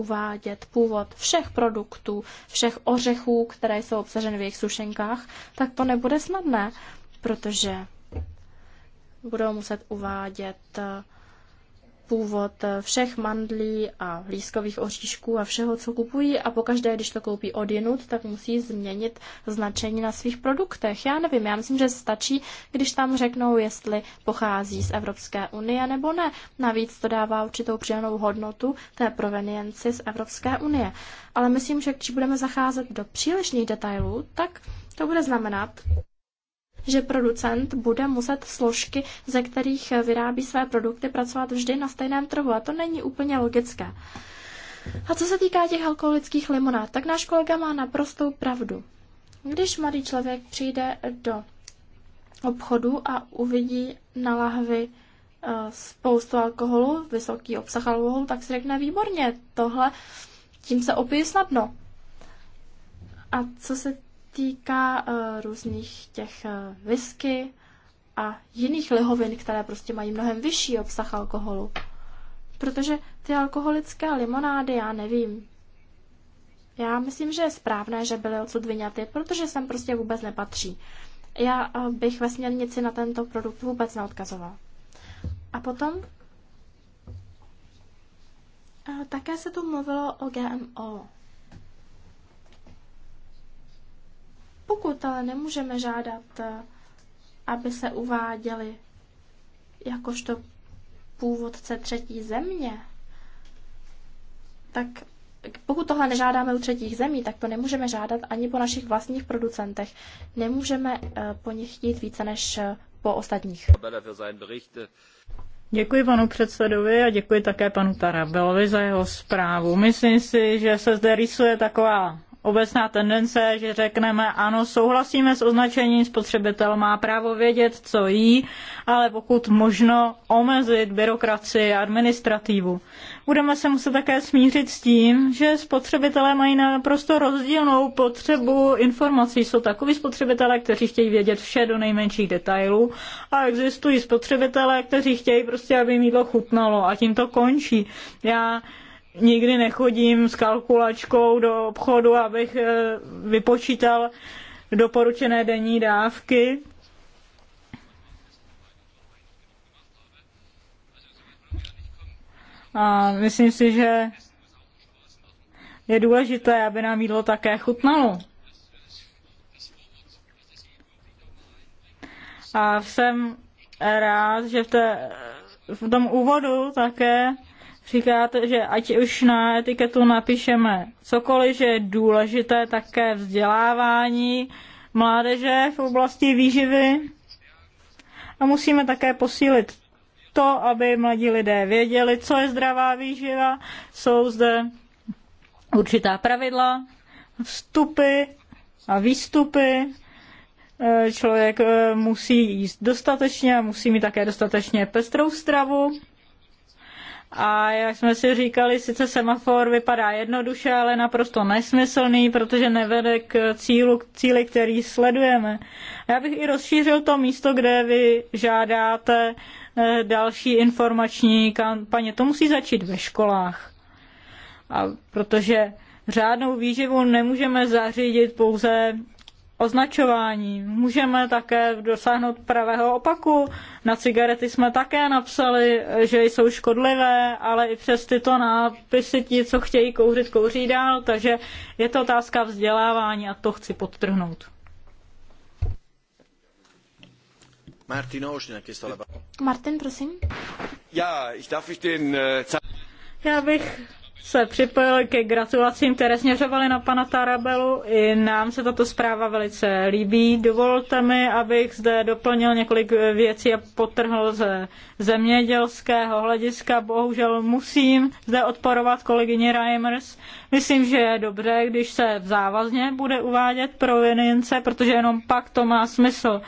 uvádět původ všech produktů, všech ořechů, které jsou obsaženy v jejich sušenkách, tak to nebude snadné, protože budou muset uvádět uh, původ všech mandlí a lískových oříšků a všeho, co kupují a pokaždé, když to koupí odinut, tak musí změnit značení na svých produktech. Já nevím, já myslím, že stačí, když tam řeknou, jestli pochází z Evropské unie nebo ne. Navíc to dává určitou přidanou hodnotu té provenienci z Evropské unie. Ale myslím, že když budeme zacházet do přílišných detailů, tak to bude znamenat, že producent bude muset složky, ze kterých vyrábí své produkty, pracovat vždy na stejném trhu. A to není úplně logické. A co se týká těch alkoholických limonád, tak náš kolega má naprostou pravdu. Když mladý člověk přijde do obchodu a uvidí na lahvi eh, spoustu alkoholu, vysoký obsah alkoholu, tak si řekne výborně, tohle tím se opiju snadno. A co se týká eh, různých těch eh, whisky a jiných lihovin, které prostě mají mnohem vyšší obsah alkoholu. Protože ty alkoholické limonády, já nevím. Já myslím, že je správné, že byly odsud vyňaty, protože sem prostě vůbec nepatří. Já eh, bych ve směrnici na tento produkt vůbec neodkazoval. A potom? Také se tu mluvilo o GMO. Pokud ale nemůžeme žádat, eh, aby se uváděli jakožto původce třetí země, tak pokud tohle nežádáme u třetích zemí, tak to nemůžeme žádat ani po našich vlastních producentech. Nemůžeme eh, po nich chtít více než eh, po ostatních. Děkuji panu předsedovi a děkuji také panu Tarabelovi za jeho zprávu. Myslím si, že se zde rýsuje taková obecná tendence, že řekneme ano, souhlasíme s označením, spotřebitel má právo vědět, co jí, ale pokud možno omezit byrokracii a administrativu. Budeme se muset také smířit s tím, že spotřebitelé mají naprosto rozdílnou potřebu informací. Jsou takoví spotřebitelé, kteří chtějí vědět vše do nejmenších detailů a existují spotřebitelé, kteří chtějí prostě, aby jim jídlo chutnalo a tím to končí. Já nikdy nechodím s kalkulačkou do obchodu, abych eh, vypočítal doporučené denní dávky. A myslím si, že je důležité, aby nám jídlo také chutnalo. A jsem rád, že v, té, v tom úvodu také říkáte, že ať už na etiketu napíšeme cokoliv, že je důležité také vzdělávání mládeže v oblasti výživy. A musíme také posílit to, aby mladí lidé věděli, co je zdravá výživa. Jsou zde určitá pravidla, vstupy a výstupy. Eh, člověk eh, musí jíst dostatečně a musí mít také dostatečně pestrou stravu. A jak jsme si říkali, sice semafor vypadá jednoduše, ale naprosto nesmyslný, protože nevede k cílu, k cíli, který sledujeme. Já bych i rozšířil to místo, kde vy žádáte eh, další informační kampaně. To musí začít ve školách. A protože řádnou výživu nemůžeme zařídit pouze označování. Můžeme také dosáhnout pravého opaku. Na cigarety jsme také napsali, že jsou škodlivé, ale i přes tyto nápisy ti, co chtějí kouřit, kouří dál, takže je to otázka vzdělávání a to chci podtrhnout. Martin Martin, prosím. Já, eh, Já bych se připojil ke gratulacím, které směřovaly na pana Tarabelu. I nám se tato zpráva velice líbí. Dovolte mi, abych zde doplnil několik věcí a potrhl ze zemědělského hlediska. Bohužel musím zde odporovat kolegyni Reimers. Myslím, že je dobré, když se závazně bude uvádět provinince, protože jenom pak to má smysl.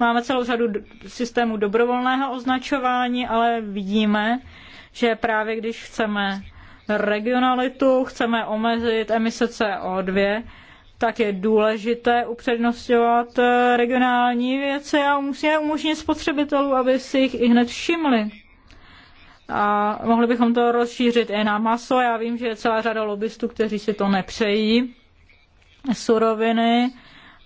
Máme celou řadu systémů dobrovolného označování, ale vidíme, že právě když chceme regionalitu, chceme omezit emise CO2, tak je důležité upřednostňovat eh, regionální věci a musíme umožnit spotřebitelů, aby si jich i hned všimli. A mohli bychom to rozšířit i na maso. Já vím, že je celá řada lobbystů, kteří si to nepřejí. Suroviny,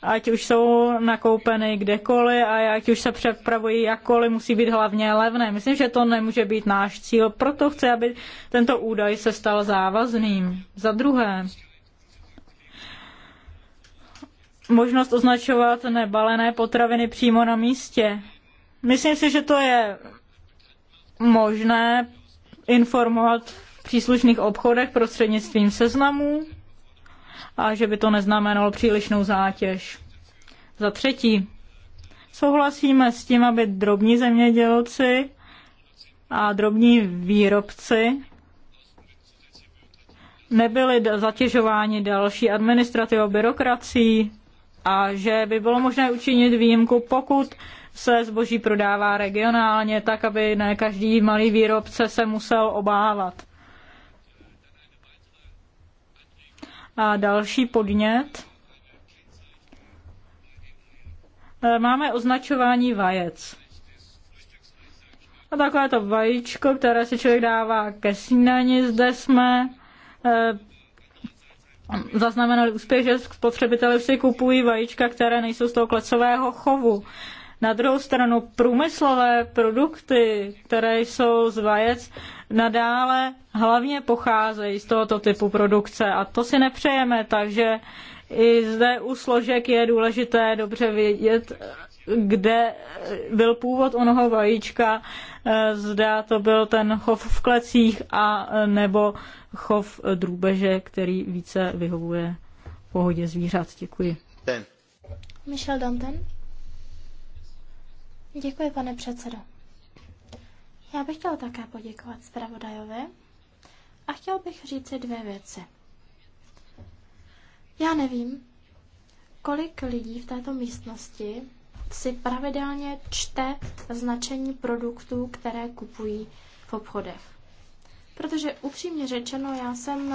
ať už jsou nakoupeny kdekoliv a ať už se přepravují jakkoliv, musí být hlavně levné. Myslím, že to nemůže být náš cíl, proto chci, aby tento údaj se stal závazným. Za druhé, možnost označovat nebalené potraviny přímo na místě. Myslím si, že to je možné informovat v příslušných obchodech prostřednictvím seznamů, a že by to neznamenalo přílišnou zátěž. Za třetí, souhlasíme s tím, aby drobní zemědělci a drobní výrobci nebyli zatěžováni další administrativou byrokracií a že by bylo možné učinit výjimku, pokud se zboží prodává regionálně, tak aby ne každý malý výrobce se musel obávat. A další podnět. E, máme označování vajec. A takové to vajíčko, které si člověk dává ke snídani, zde jsme e, zaznamenali úspěch, že spotřebitelé si kupují vajíčka, které nejsou z toho klecového chovu. Na druhou stranu průmyslové produkty, které jsou z vajec, nadále hlavně pocházejí z tohoto typu produkce a to si nepřejeme, takže i zde u složek je důležité dobře vědět, kde byl původ onoho vajíčka, eh, zda to byl ten chov v klecích a eh, nebo chov eh, drůbeže, který více vyhovuje pohodě zvířat. Děkuji. Ten. Michel Danten. Děkuji, pane předsedo. Já bych chtěl také poděkovat zpravodajovi a chtěl bych říci dvě věci. Já nevím, kolik lidí v této místnosti si pravidelně čte značení produktů, které kupují v obchodech. Protože upřímně řečeno, já jsem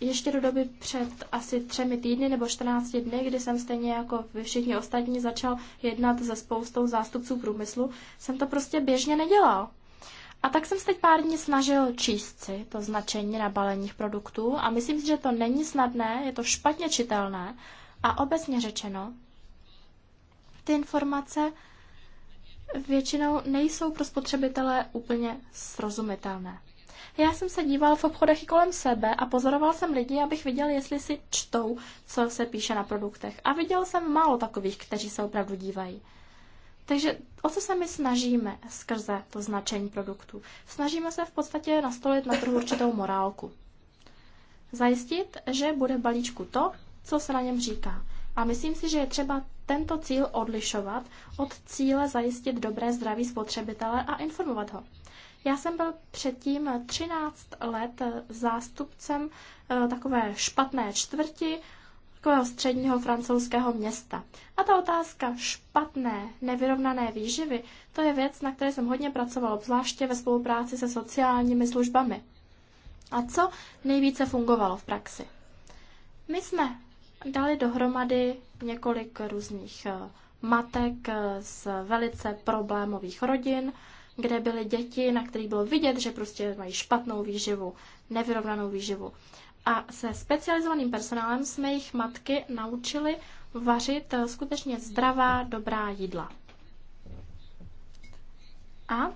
ještě do doby před asi třemi týdny nebo 14 dny, kdy jsem stejně jako vy všichni ostatní začal jednat se spoustou zástupců průmyslu, jsem to prostě běžně nedělal. A tak jsem se teď pár dní snažil číst si to značení na baleních produktů a myslím si, že to není snadné, je to špatně čitelné a obecně řečeno, ty informace většinou nejsou pro spotřebitele úplně srozumitelné. Já jsem se díval v obchodech i kolem sebe a pozoroval jsem lidi, abych viděl, jestli si čtou, co se píše na produktech. A viděl jsem málo takových, kteří se opravdu dívají. Takže o co se my snažíme skrze to značení produktů? Snažíme se v podstatě nastolit na trhu určitou morálku. Zajistit, že bude balíčku to, co se na něm říká. A myslím si, že je třeba tento cíl odlišovat od cíle zajistit dobré zdraví spotřebitele a informovat ho. Já jsem byl předtím 13 let zástupcem eh, takové špatné čtvrti, takového středního francouzského města. A ta otázka špatné, nevyrovnané výživy, to je věc, na které jsem hodně pracoval, zvláště ve spolupráci se sociálními službami. A co nejvíce fungovalo v praxi? My jsme dali dohromady několik různých eh, matek eh, z velice problémových rodin, kde byly děti, na kterých bylo vidět, že prostě mají špatnou výživu, nevyrovnanou výživu. A se specializovaným personálem jsme jejich matky naučili vařit eh, skutečně zdravá, dobrá jídla. A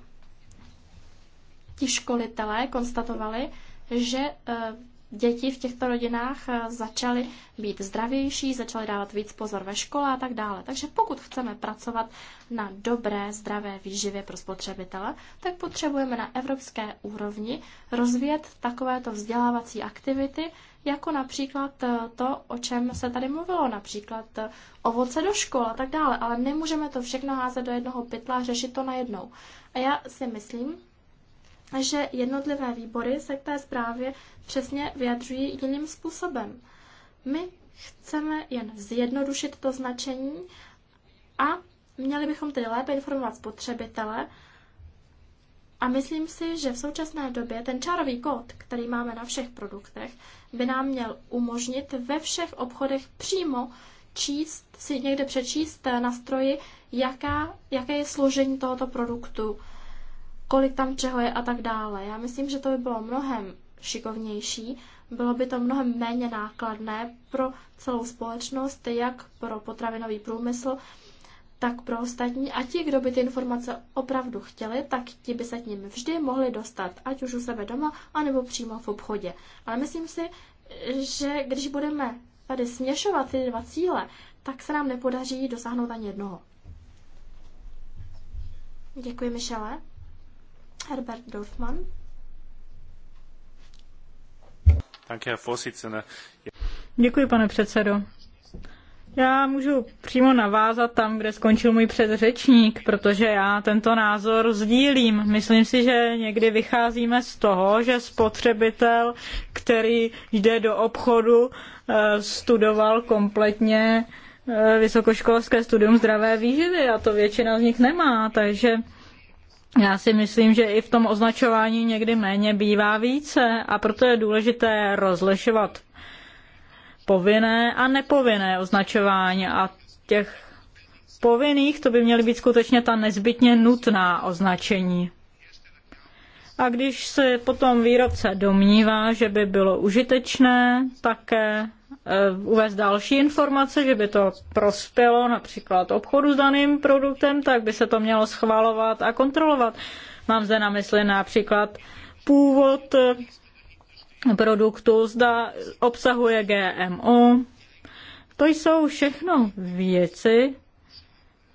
ti školitelé konstatovali, že eh, děti v těchto rodinách eh, začaly být zdravější, začaly dávat víc pozor ve škole a tak dále. Takže pokud chceme pracovat na dobré, zdravé výživě pro spotřebitele, tak potřebujeme na evropské úrovni rozvíjet takovéto vzdělávací aktivity, jako například eh, to, o čem se tady mluvilo, například eh, ovoce do škol a tak dále, ale nemůžeme to všechno házet do jednoho pytla a řešit to najednou. A já si myslím, že jednotlivé výbory se k té zprávě přesně vyjadřují jiným způsobem. My chceme jen zjednodušit to značení a měli bychom tedy lépe informovat spotřebitele. A myslím si, že v současné době ten čárový kód, který máme na všech produktech, by nám měl umožnit ve všech obchodech přímo číst, si někde přečíst na stroji, jaká, jaké je složení tohoto produktu, kolik tam čeho je a tak dále. Já myslím, že to by bylo mnohem šikovnější, bylo by to mnohem méně nákladné pro celou společnost, jak pro potravinový průmysl, tak pro ostatní. A ti, kdo by ty informace opravdu chtěli, tak ti by se k ním vždy mohli dostat, ať už u sebe doma, anebo přímo v obchodě. Ale myslím si, že když budeme tady směšovat ty dva cíle, tak se nám nepodaří dosáhnout ani jednoho. Děkuji, Michele. Herbert Dorfman. Děkuji, pane předsedo. Já můžu přímo navázat tam, kde skončil můj předřečník, protože já tento názor sdílím. Myslím si, že někdy vycházíme z toho, že spotřebitel, který jde do obchodu, eh, studoval kompletně eh, vysokoškolské studium zdravé výživy a to většina z nich nemá, takže já si myslím, že i v tom označování někdy méně bývá více a proto je důležité rozlišovat povinné a nepovinné označování a těch povinných to by měly být skutečně ta nezbytně nutná označení. A když se potom výrobce domnívá, že by bylo užitečné také Eh, uvést další informace, že by to prospělo například obchodu s daným produktem, tak by se to mělo schvalovat a kontrolovat. Mám zde na mysli například původ eh, produktu, zda obsahuje GMO. To jsou všechno věci,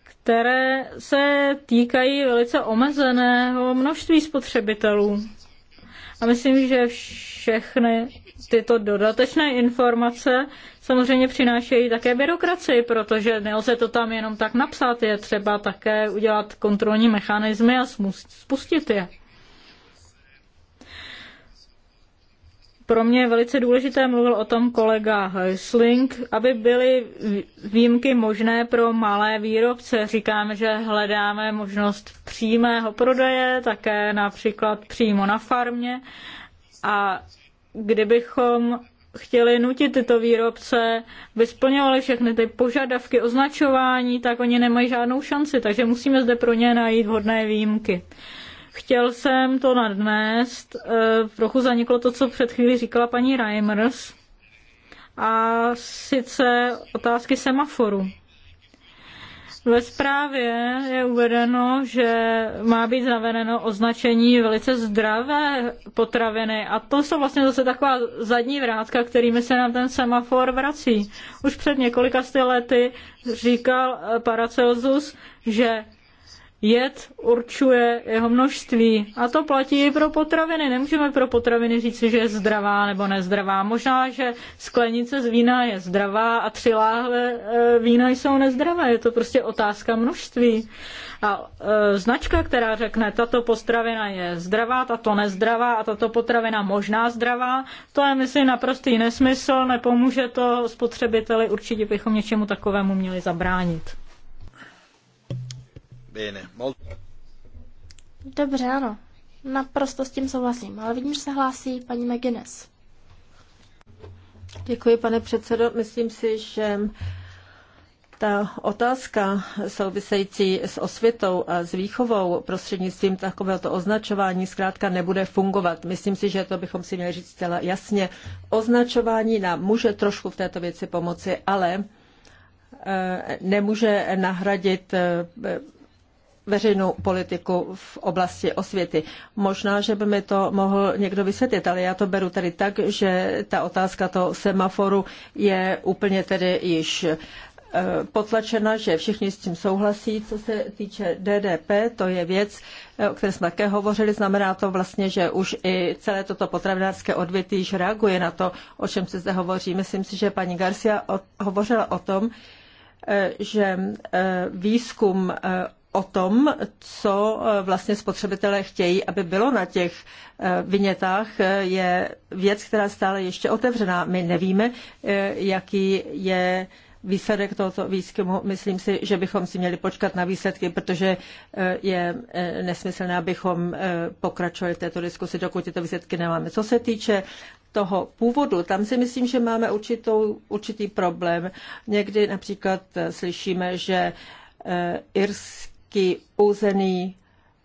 které se týkají velice omezeného množství spotřebitelů. A myslím, že všechny tyto dodatečné informace samozřejmě přinášejí také byrokracii, protože nelze to tam jenom tak napsat, je třeba také udělat kontrolní mechanismy a spustit je. pro mě je velice důležité, mluvil o tom kolega Heusling, aby byly výjimky možné pro malé výrobce. Říkáme, že hledáme možnost přímého prodeje, také například přímo na farmě a kdybychom chtěli nutit tyto výrobce, by všechny ty požadavky označování, tak oni nemají žádnou šanci, takže musíme zde pro ně najít vhodné výjimky. Chtěl jsem to nadnést, eh, trochu zaniklo to, co před chvíli říkala paní Reimers, a sice otázky semaforu. Ve zprávě je uvedeno, že má být zavedeno označení velice zdravé potraviny a to jsou vlastně zase taková zadní vrátka, kterými se nám ten semafor vrací. Už před několika sty lety říkal eh, Paracelsus, že jed určuje jeho množství. A to platí i pro potraviny. Nemůžeme pro potraviny říci, že je zdravá nebo nezdravá. Možná, že sklenice z vína je zdravá a tři láhve vína jsou nezdravé. Je to prostě otázka množství. A e, značka, která řekne, tato potravina je zdravá, tato nezdravá a tato potravina možná zdravá, to je, myslím, naprostý nesmysl, nepomůže to spotřebiteli, určitě bychom něčemu takovému měli zabránit. Dobře, ano. Naprosto s tím souhlasím, ale vidím, že se hlásí paní McGuinness. Děkuji, pane předsedo. Myslím si, že ta otázka související s osvětou a s výchovou prostřednictvím takovéhoto označování zkrátka nebude fungovat. Myslím si, že to bychom si měli říct zcela jasně. Označování nám může trošku v této věci pomoci, ale eh, nemůže nahradit eh, veřejnou politiku v oblasti osvěty. Možná, že by mi to mohl někdo vysvětlit, ale já to beru tedy tak, že ta otázka toho semaforu je úplně tedy již eh, potlačena, že všichni s tím souhlasí. Co se týče DDP, to je věc, eh, o které jsme také hovořili. Znamená to vlastně, že už i celé toto potravinářské odvětví již reaguje na to, o čem se zde hovoří. Myslím si, že paní Garcia hovořila o tom, eh, že výzkum o tom, co eh, vlastně spotřebitelé chtějí, aby bylo na těch eh, vynětách, eh, je věc, která je stále ještě otevřená. My nevíme, jaký je výsledek tohoto výzkumu. Myslím si, že bychom si měli počkat na výsledky, protože je nesmyslné, abychom pokračovali v této diskusi, dokud tyto výsledky nemáme. Co se týče toho původu, tam si myslím, že máme určitou, určitý problém. Někdy například slyšíme, že irský irský úzený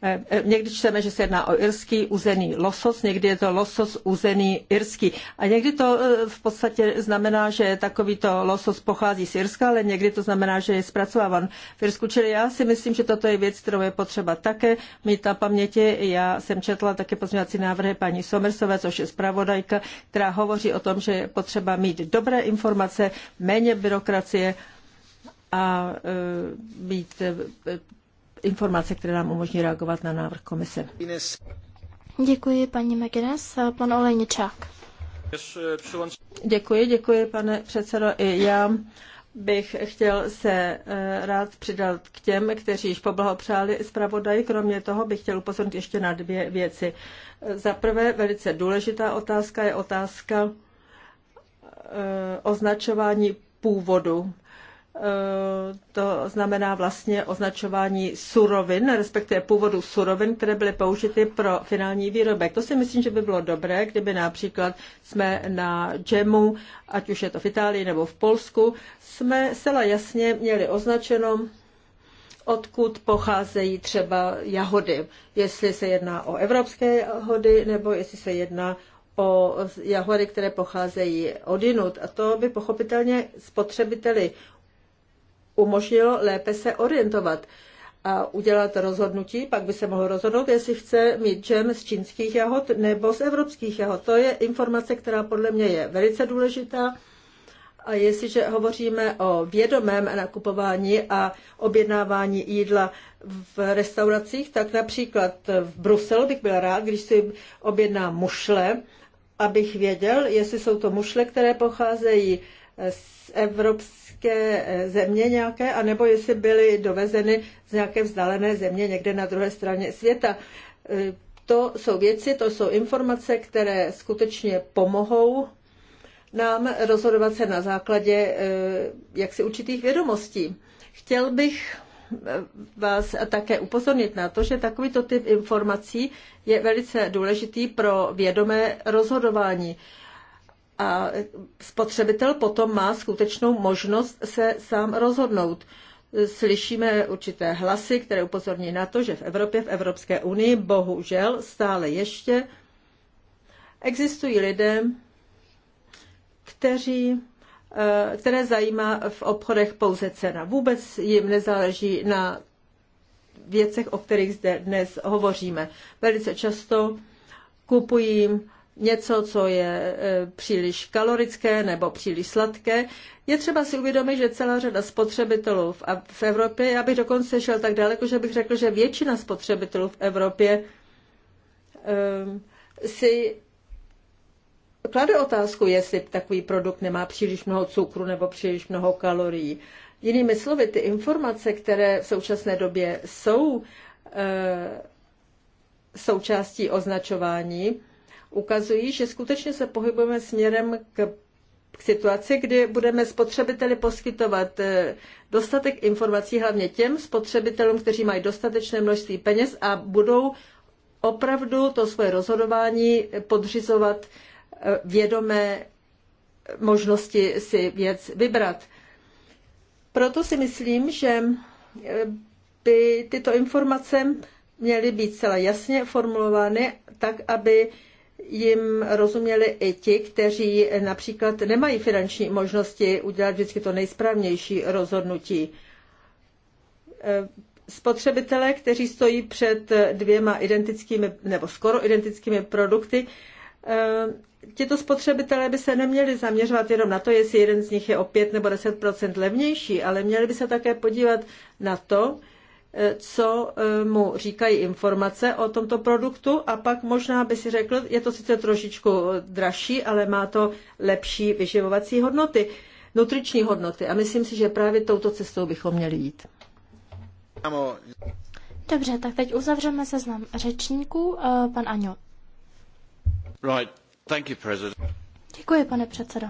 eh, eh, Někdy čteme, že se jedná o irský úzený losos, někdy je to losos úzený irský. A někdy to eh, v podstatě znamená, že takovýto losos pochází z Irska, ale někdy to znamená, že je zpracováván v Irsku. Čili já si myslím, že toto je věc, kterou je potřeba také mít na paměti. Já jsem četla také pozměňovací návrhy paní Somersové, což je zpravodajka, která hovoří o tom, že je potřeba mít dobré informace, méně byrokracie a mít informace, které nám umožní reagovat na návrh komise. Děkuji, paní McGuinness. Pan Olejničák. Děkuji, děkuji, pane předsedo. I já bych chtěl se eh, rád přidat k těm, kteří již poblahopřáli zpravodaji. Kromě toho bych chtěl upozornit ještě na dvě věci. Za prvé, velice důležitá otázka je otázka eh, označování původu to znamená vlastně označování surovin, respektive původu surovin, které byly použity pro finální výrobek. To si myslím, že by bylo dobré, kdyby například jsme na džemu, ať už je to v Itálii nebo v Polsku, jsme zcela jasně měli označeno, odkud pocházejí třeba jahody. Jestli se jedná o evropské jahody, nebo jestli se jedná o jahody, které pocházejí odinut. A to by pochopitelně spotřebiteli umožnilo lépe se orientovat a udělat rozhodnutí, pak by se mohl rozhodnout, jestli chce mít džem z čínských jahod nebo z evropských jahod. To je informace, která podle mě je velice důležitá. A jestliže hovoříme o vědomém nakupování a objednávání jídla v restauracích, tak například v Bruselu bych byl rád, když si objednám mušle, abych věděl, jestli jsou to mušle, které pocházejí z evropských evropské eh, země nějaké, anebo jestli byly dovezeny z nějaké vzdálené země někde na druhé straně světa. Eh, to jsou věci, to jsou informace, které skutečně pomohou nám rozhodovat se na základě eh, jaksi určitých vědomostí. Chtěl bych vás také upozornit na to, že takovýto typ informací je velice důležitý pro vědomé rozhodování a spotřebitel potom má skutečnou možnost se sám rozhodnout. Slyšíme určité hlasy, které upozorní na to, že v Evropě, v Evropské unii, bohužel stále ještě existují lidé, kteří, eh, které zajímá v obchodech pouze cena. Vůbec jim nezáleží na věcech, o kterých zde dnes hovoříme. Velice často kupují něco, co je e, příliš kalorické nebo příliš sladké. Je třeba si uvědomit, že celá řada spotřebitelů v Evropě, já bych dokonce šel tak daleko, že bych řekl, že většina spotřebitelů v Evropě ehm, si klade otázku, jestli takový produkt nemá příliš mnoho cukru nebo příliš mnoho kalorií. Jinými slovy, ty informace, které v současné době jsou e, součástí označování, ukazují, že skutečně se pohybujeme směrem k k situaci, kdy budeme spotřebiteli poskytovat eh, dostatek informací, hlavně těm spotřebitelům, kteří mají dostatečné množství peněz a budou opravdu to svoje rozhodování podřizovat eh, vědomé možnosti si věc vybrat. Proto si myslím, že eh, by tyto informace měly být celá jasně formulovány tak, aby jim rozuměli i ti, kteří například nemají finanční možnosti udělat vždycky to nejsprávnější rozhodnutí. E, spotřebitelé, kteří stojí před dvěma identickými nebo skoro identickými produkty, e, tito spotřebitelé by se neměli zaměřovat jenom na to, jestli jeden z nich je o 5 nebo 10 levnější, ale měli by se také podívat na to, Eh, co eh, mu říkají informace o tomto produktu a pak možná by si řekl, je to sice trošičku dražší, ale má to lepší vyživovací hodnoty, nutriční hodnoty a myslím si, že právě touto cestou bychom měli jít. Dobře, tak teď uzavřeme seznam řečníků. Eh, pan Aňo. Right. Thank you, president. Děkuji, pane předsedo.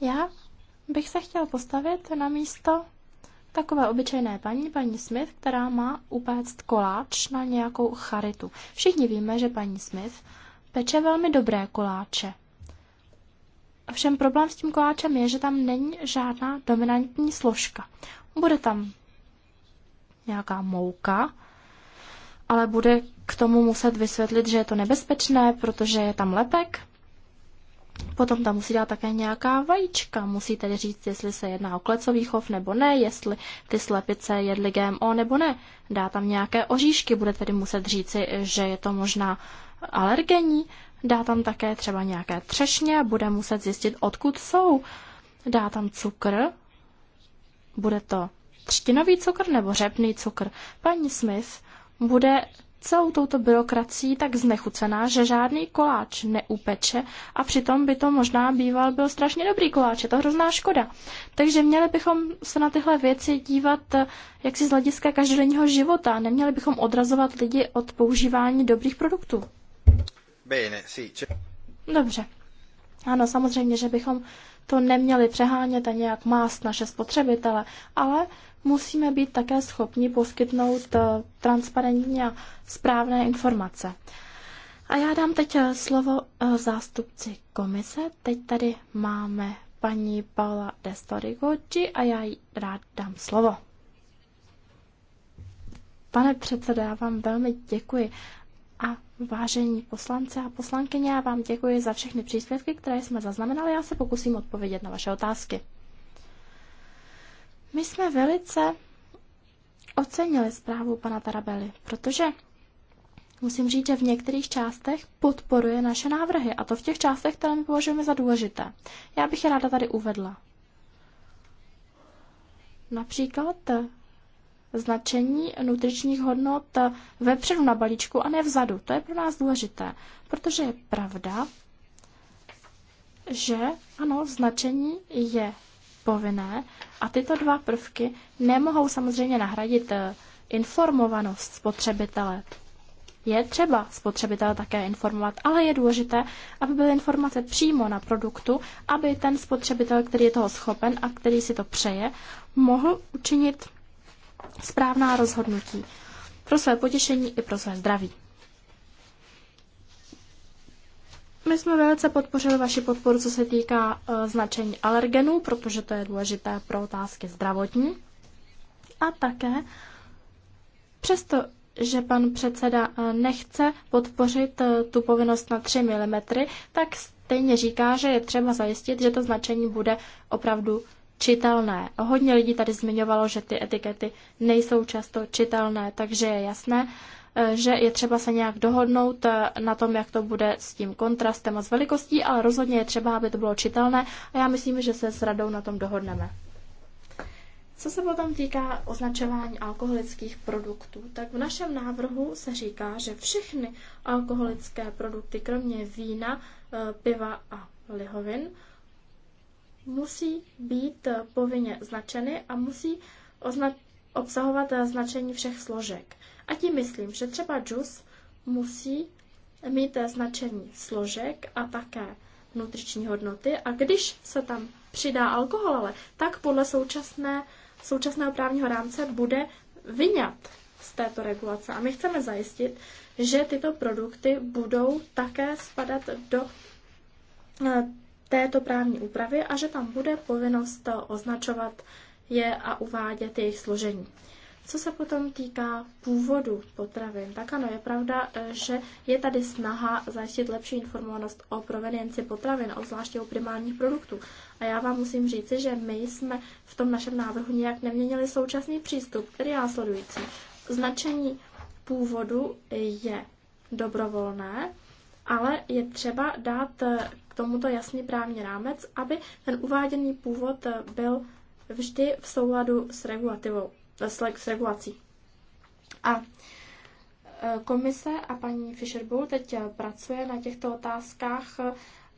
Já bych se chtěl postavit na místo takové obyčejné paní, paní Smith, která má upéct koláč na nějakou charitu. Všichni víme, že paní Smith peče velmi dobré koláče. Všem problém s tím koláčem je, že tam není žádná dominantní složka. Bude tam nějaká mouka, ale bude k tomu muset vysvětlit, že je to nebezpečné, protože je tam lepek. Potom tam musí dát také nějaká vajíčka. Musí tedy říct, jestli se jedná o klecový chov nebo ne, jestli ty slepice jedly GMO nebo ne. Dá tam nějaké oříšky, bude tedy muset říci, že je to možná alergenní. Dá tam také třeba nějaké třešně, bude muset zjistit, odkud jsou. Dá tam cukr, bude to třtinový cukr nebo řepný cukr. Paní Smith bude celou touto byrokracií tak znechucená, že žádný koláč neupeče a přitom by to možná býval byl strašně dobrý koláč, je to hrozná škoda. Takže měli bychom se na tyhle věci dívat eh, jaksi z hlediska každodenního života, neměli bychom odrazovat lidi od používání dobrých produktů. Bene, sì, Dobře. Ano, samozřejmě, že bychom to neměli přehánět a nějak mást naše spotřebitele, ale musíme být také schopni poskytnout eh, transparentní a správné informace. A já dám teď eh, slovo eh, zástupci komise. Teď tady máme paní Paula Destorigoči a já jí rád dám slovo. Pane předsedo, já vám velmi děkuji. Vážení poslanci a poslankyně, já vám děkuji za všechny příspěvky, které jsme zaznamenali. Já se pokusím odpovědět na vaše otázky. My jsme velice ocenili zprávu pana Tarabely, protože musím říct, že v některých částech podporuje naše návrhy, a to v těch částech, které my považujeme za důležité. Já bych je ráda tady uvedla. Například značení nutričních hodnot vepředu na balíčku a ne vzadu. To je pro nás důležité, protože je pravda, že ano, značení je povinné a tyto dva prvky nemohou samozřejmě nahradit eh, informovanost spotřebitele. Je třeba spotřebitele také informovat, ale je důležité, aby byly informace přímo na produktu, aby ten spotřebitel, který je toho schopen a který si to přeje, mohl učinit správná rozhodnutí pro své potěšení i pro své zdraví. My jsme velice podpořili vaši podporu, co se týká e, značení alergenů, protože to je důležité pro otázky zdravotní. A také, přesto, že pan předseda e, nechce podpořit e, tu povinnost na 3 mm, tak stejně říká, že je třeba zajistit, že to značení bude opravdu čitelné. Hodně lidí tady zmiňovalo, že ty etikety nejsou často čitelné, takže je jasné, eh, že je třeba se nějak dohodnout eh, na tom, jak to bude s tím kontrastem a s velikostí, ale rozhodně je třeba, aby to bylo čitelné a já myslím, že se s radou na tom dohodneme. Co se potom týká označování alkoholických produktů, tak v našem návrhu se říká, že všechny alkoholické produkty, kromě vína, eh, piva a lihovin, musí být eh, povinně značeny a musí obsahovat eh, značení všech složek. A tím myslím, že třeba džus musí mít eh, značení složek a také nutriční hodnoty a když se tam přidá alkohol, ale tak podle současné, současného právního rámce bude vyňat z této regulace. A my chceme zajistit, že tyto produkty budou také spadat do této právní úpravy a že tam bude povinnost označovat je a uvádět jejich složení. Co se potom týká původu potravin, tak ano, je pravda, eh, že je tady snaha zajistit lepší informovanost o provenienci potravin, obzvláště o primárních produktů. A já vám musím říci, že my jsme v tom našem návrhu nijak neměnili současný přístup, který je následující. Značení původu je dobrovolné, ale je třeba dát eh, k tomuto jasný právní rámec, aby ten uváděný původ byl vždy v souladu s regulativou, s regulací. A e, komise a paní Fisherbull teď pracuje na těchto otázkách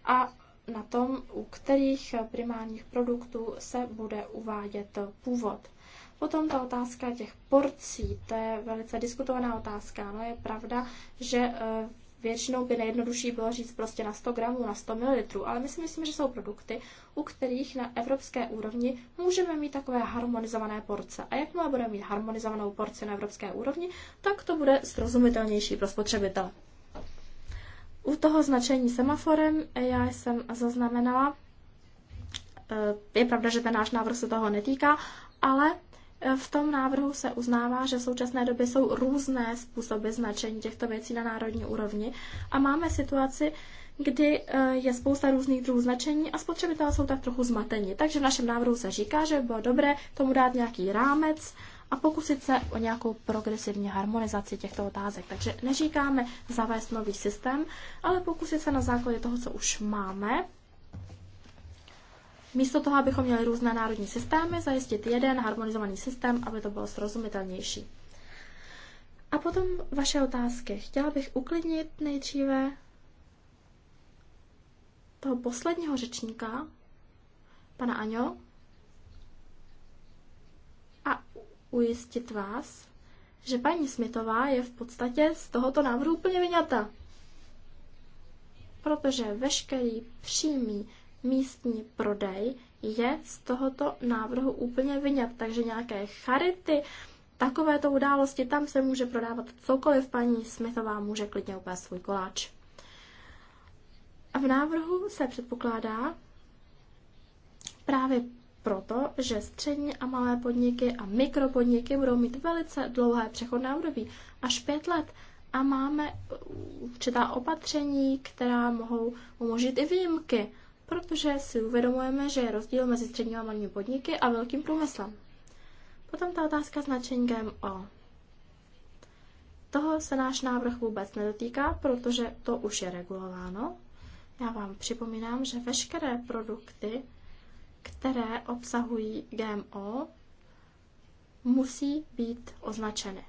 a na tom, u kterých primárních produktů se bude uvádět původ. Potom ta otázka těch porcí, to je velice diskutovaná otázka. No je pravda, že e, Většinou by nejjednodušší bylo říct prostě na 100 gramů, na 100 ml, ale my si myslím, že jsou produkty, u kterých na evropské úrovni můžeme mít takové harmonizované porce. A jakmile budeme mít harmonizovanou porci na evropské úrovni, tak to bude srozumitelnější pro spotřebitele. U toho značení semaforem já jsem zaznamenala, eh, je pravda, že ten náš návrh se toho netýká, ale v tom návrhu se uznává, že v současné době jsou různé způsoby značení těchto věcí na národní úrovni a máme situaci, kdy eh, je spousta různých druhů značení a spotřebitelé jsou tak trochu zmateni. Takže v našem návrhu se říká, že by bylo dobré tomu dát nějaký rámec a pokusit se o nějakou progresivní harmonizaci těchto otázek. Takže neříkáme zavést nový systém, ale pokusit se na základě toho, co už máme, Místo toho, abychom měli různé národní systémy, zajistit jeden harmonizovaný systém, aby to bylo srozumitelnější. A potom vaše otázky. Chtěla bych uklidnit nejdříve toho posledního řečníka, pana Aňo, a ujistit vás, že paní Smitová je v podstatě z tohoto návrhu úplně vyňata. Protože veškerý přímý místní prodej je z tohoto návrhu úplně vyňat, takže nějaké charity, takovéto události, tam se může prodávat cokoliv, paní Smithová může klidně upést svůj koláč. A v návrhu se předpokládá právě proto, že střední a malé podniky a mikropodniky budou mít velice dlouhé přechodné období, až pět let. A máme určitá opatření, která mohou umožnit i výjimky protože si uvědomujeme, že je rozdíl mezi středními a malými podniky a velkým průmyslem. Potom ta otázka s nadšením O. Toho se náš návrh vůbec nedotýká, protože to už je regulováno. Já vám připomínám, že veškeré produkty, které obsahují GMO, musí být označeny.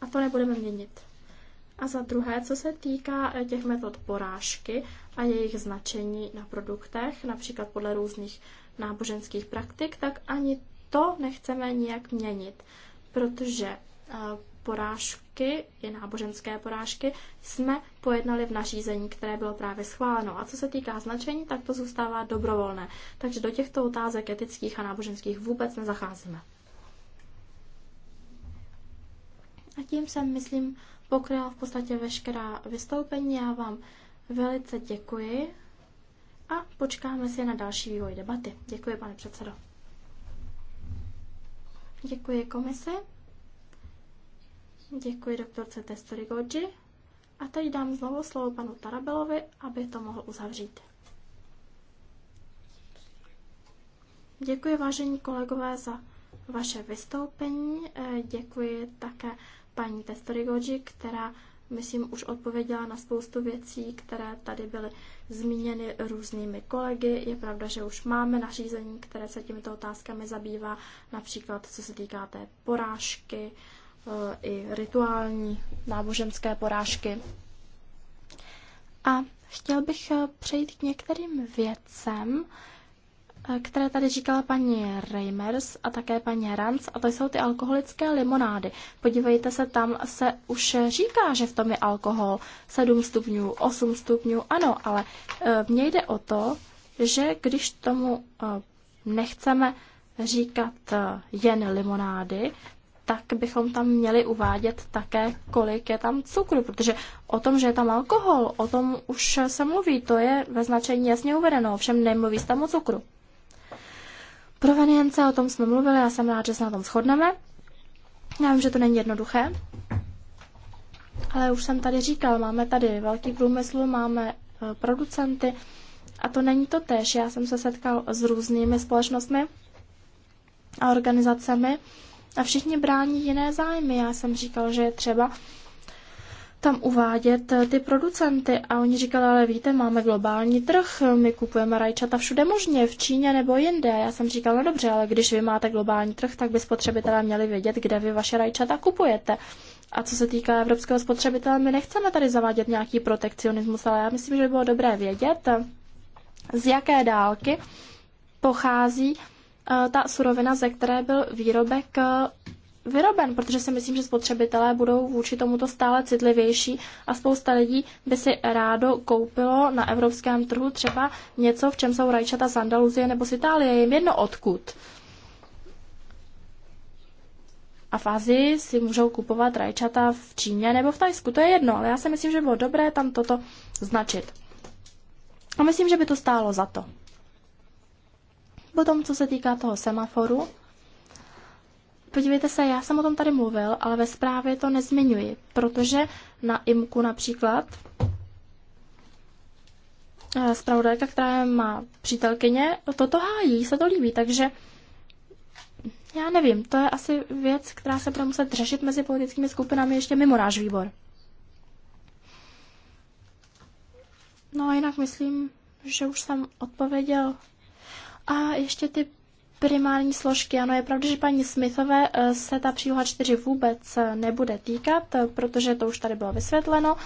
A to nebudeme měnit. A za druhé, co se týká eh, těch metod porážky a jejich značení na produktech, například podle různých náboženských praktik, tak ani to nechceme nijak měnit, protože eh, porážky i náboženské porážky jsme pojednali v nařízení, které bylo právě schváleno. A co se týká značení, tak to zůstává dobrovolné. Takže do těchto otázek etických a náboženských vůbec nezacházíme. A tím jsem, myslím, pokryla v podstatě veškerá vystoupení. Já vám velice děkuji a počkáme si na další vývoj debaty. Děkuji, pane předsedo. Děkuji komise. Děkuji doktorce Testory Goji. A teď dám znovu slovo panu Tarabelovi, aby to mohl uzavřít. Děkuji, vážení kolegové, za vaše vystoupení. Děkuji také paní Testorigoji, která, myslím, už odpověděla na spoustu věcí, které tady byly zmíněny různými kolegy. Je pravda, že už máme nařízení, které se těmito otázkami zabývá, například co se týká té porážky, eh, i rituální náboženské porážky. A chtěl bych eh, přejít k některým věcem, které tady říkala paní Reimers a také paní Ranc, a to jsou ty alkoholické limonády. Podívejte se, tam se už říká, že v tom je alkohol 7 stupňů, 8 stupňů, ano, ale e, mně jde o to, že když tomu e, nechceme říkat e, jen limonády, tak bychom tam měli uvádět také, kolik je tam cukru, protože o tom, že je tam alkohol, o tom už se mluví, to je ve značení jasně uvedeno, ovšem nemluví se tam o cukru. Provenience, o tom jsme mluvili, já jsem rád, že se na tom shodneme. Já vím, že to není jednoduché, ale už jsem tady říkal, máme tady velký průmysl, máme e, producenty a to není to tež. Já jsem se setkal s různými společnostmi a organizacemi a všichni brání jiné zájmy. Já jsem říkal, že je třeba tam uvádět eh, ty producenty a oni říkali, ale víte, máme globální trh, my kupujeme rajčata všude možně, v Číně nebo jinde. Já jsem říkala, no dobře, ale když vy máte globální trh, tak by spotřebitelé měli vědět, kde vy vaše rajčata kupujete. A co se týká evropského spotřebitele, my nechceme tady zavádět nějaký protekcionismus, ale já myslím, že by bylo dobré vědět, z jaké dálky pochází eh, ta surovina, ze které byl výrobek eh, vyroben, protože si myslím, že spotřebitelé budou vůči tomuto stále citlivější a spousta lidí by si rádo koupilo na evropském trhu třeba něco, v čem jsou rajčata z Andaluzie nebo z Itálie, jim jedno odkud. A v Azii si můžou kupovat rajčata v Číně nebo v Tajsku, to je jedno, ale já si myslím, že bylo dobré tam toto značit. A myslím, že by to stálo za to. Potom, co se týká toho semaforu, Podívejte se, já jsem o tom tady mluvil, ale ve zprávě to nezmiňuji, protože na IMKU například eh, zpravodajka, která má přítelkyně, toto hájí, se to líbí, takže já nevím, to je asi věc, která se bude muset řešit mezi politickými skupinami ještě mimo náš výbor. No a jinak myslím, že už jsem odpověděl. A ještě ty primární složky. Ano, je pravda, že paní Smithové eh, se ta příloha 4 vůbec eh, nebude týkat, eh, protože to už tady bylo vysvětleno.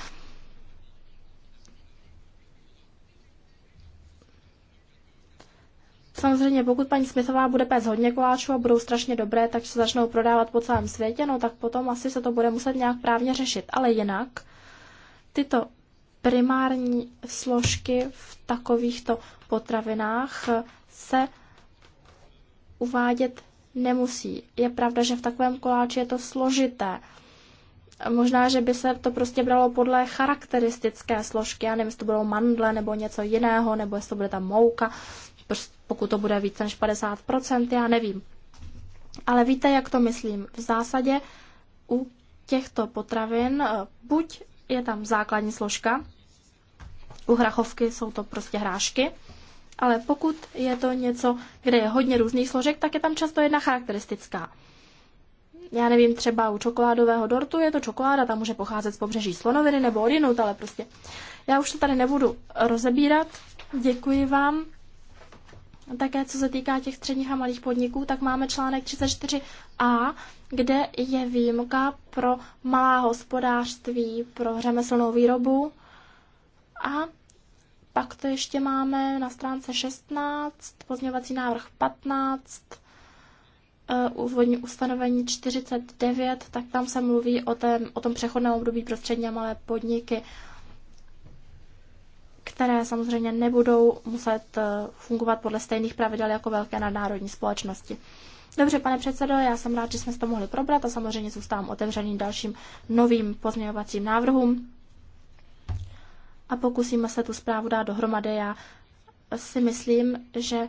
Samozřejmě, pokud paní Smithová bude péct hodně koláčů a budou strašně dobré, tak se začnou prodávat po celém světě, no tak potom asi se to bude muset nějak právně řešit. Ale jinak, tyto primární složky v takovýchto potravinách se uvádět nemusí. Je pravda, že v takovém koláči je to složité. Možná, že by se to prostě bralo podle charakteristické složky, já nevím, jestli to budou mandle nebo něco jiného, nebo jestli to bude ta mouka, pokud to bude více než 50%, já nevím. Ale víte, jak to myslím. V zásadě u těchto potravin eh, buď je tam základní složka, u hrachovky jsou to prostě hrášky, ale pokud je to něco, kde je hodně různých složek, tak je tam často jedna charakteristická. Já nevím, třeba u čokoládového dortu je to čokoláda, tam může pocházet z pobřeží slonoviny nebo odinut, ale prostě já už to tady nebudu rozebírat. Děkuji vám. Také co se týká těch středních a malých podniků, tak máme článek 34a, kde je výjimka pro malá hospodářství, pro řemeslnou výrobu a pak to ještě máme na stránce 16, pozměňovací návrh 15, eh, úvodní ustanovení 49, tak tam se mluví o, ten, o tom přechodném období pro střední a malé podniky, které samozřejmě nebudou muset eh, fungovat podle stejných pravidel jako velké nadnárodní společnosti. Dobře, pane předsedo, já jsem rád, že jsme se to mohli probrat a samozřejmě zůstávám otevřený dalším novým pozměňovacím návrhům a pokusíme se tu zprávu dát dohromady. Já si myslím, že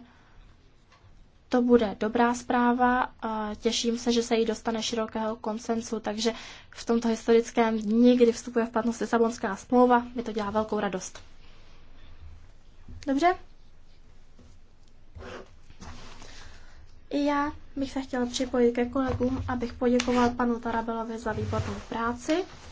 to bude dobrá zpráva. Těším se, že se jí dostane širokého konsensu, takže v tomto historickém dní, kdy vstupuje v platnost Lisabonská smlouva, mi to dělá velkou radost. Dobře? I já bych se chtěla připojit ke kolegům, abych poděkoval panu Tarabelovi za výbornou práci.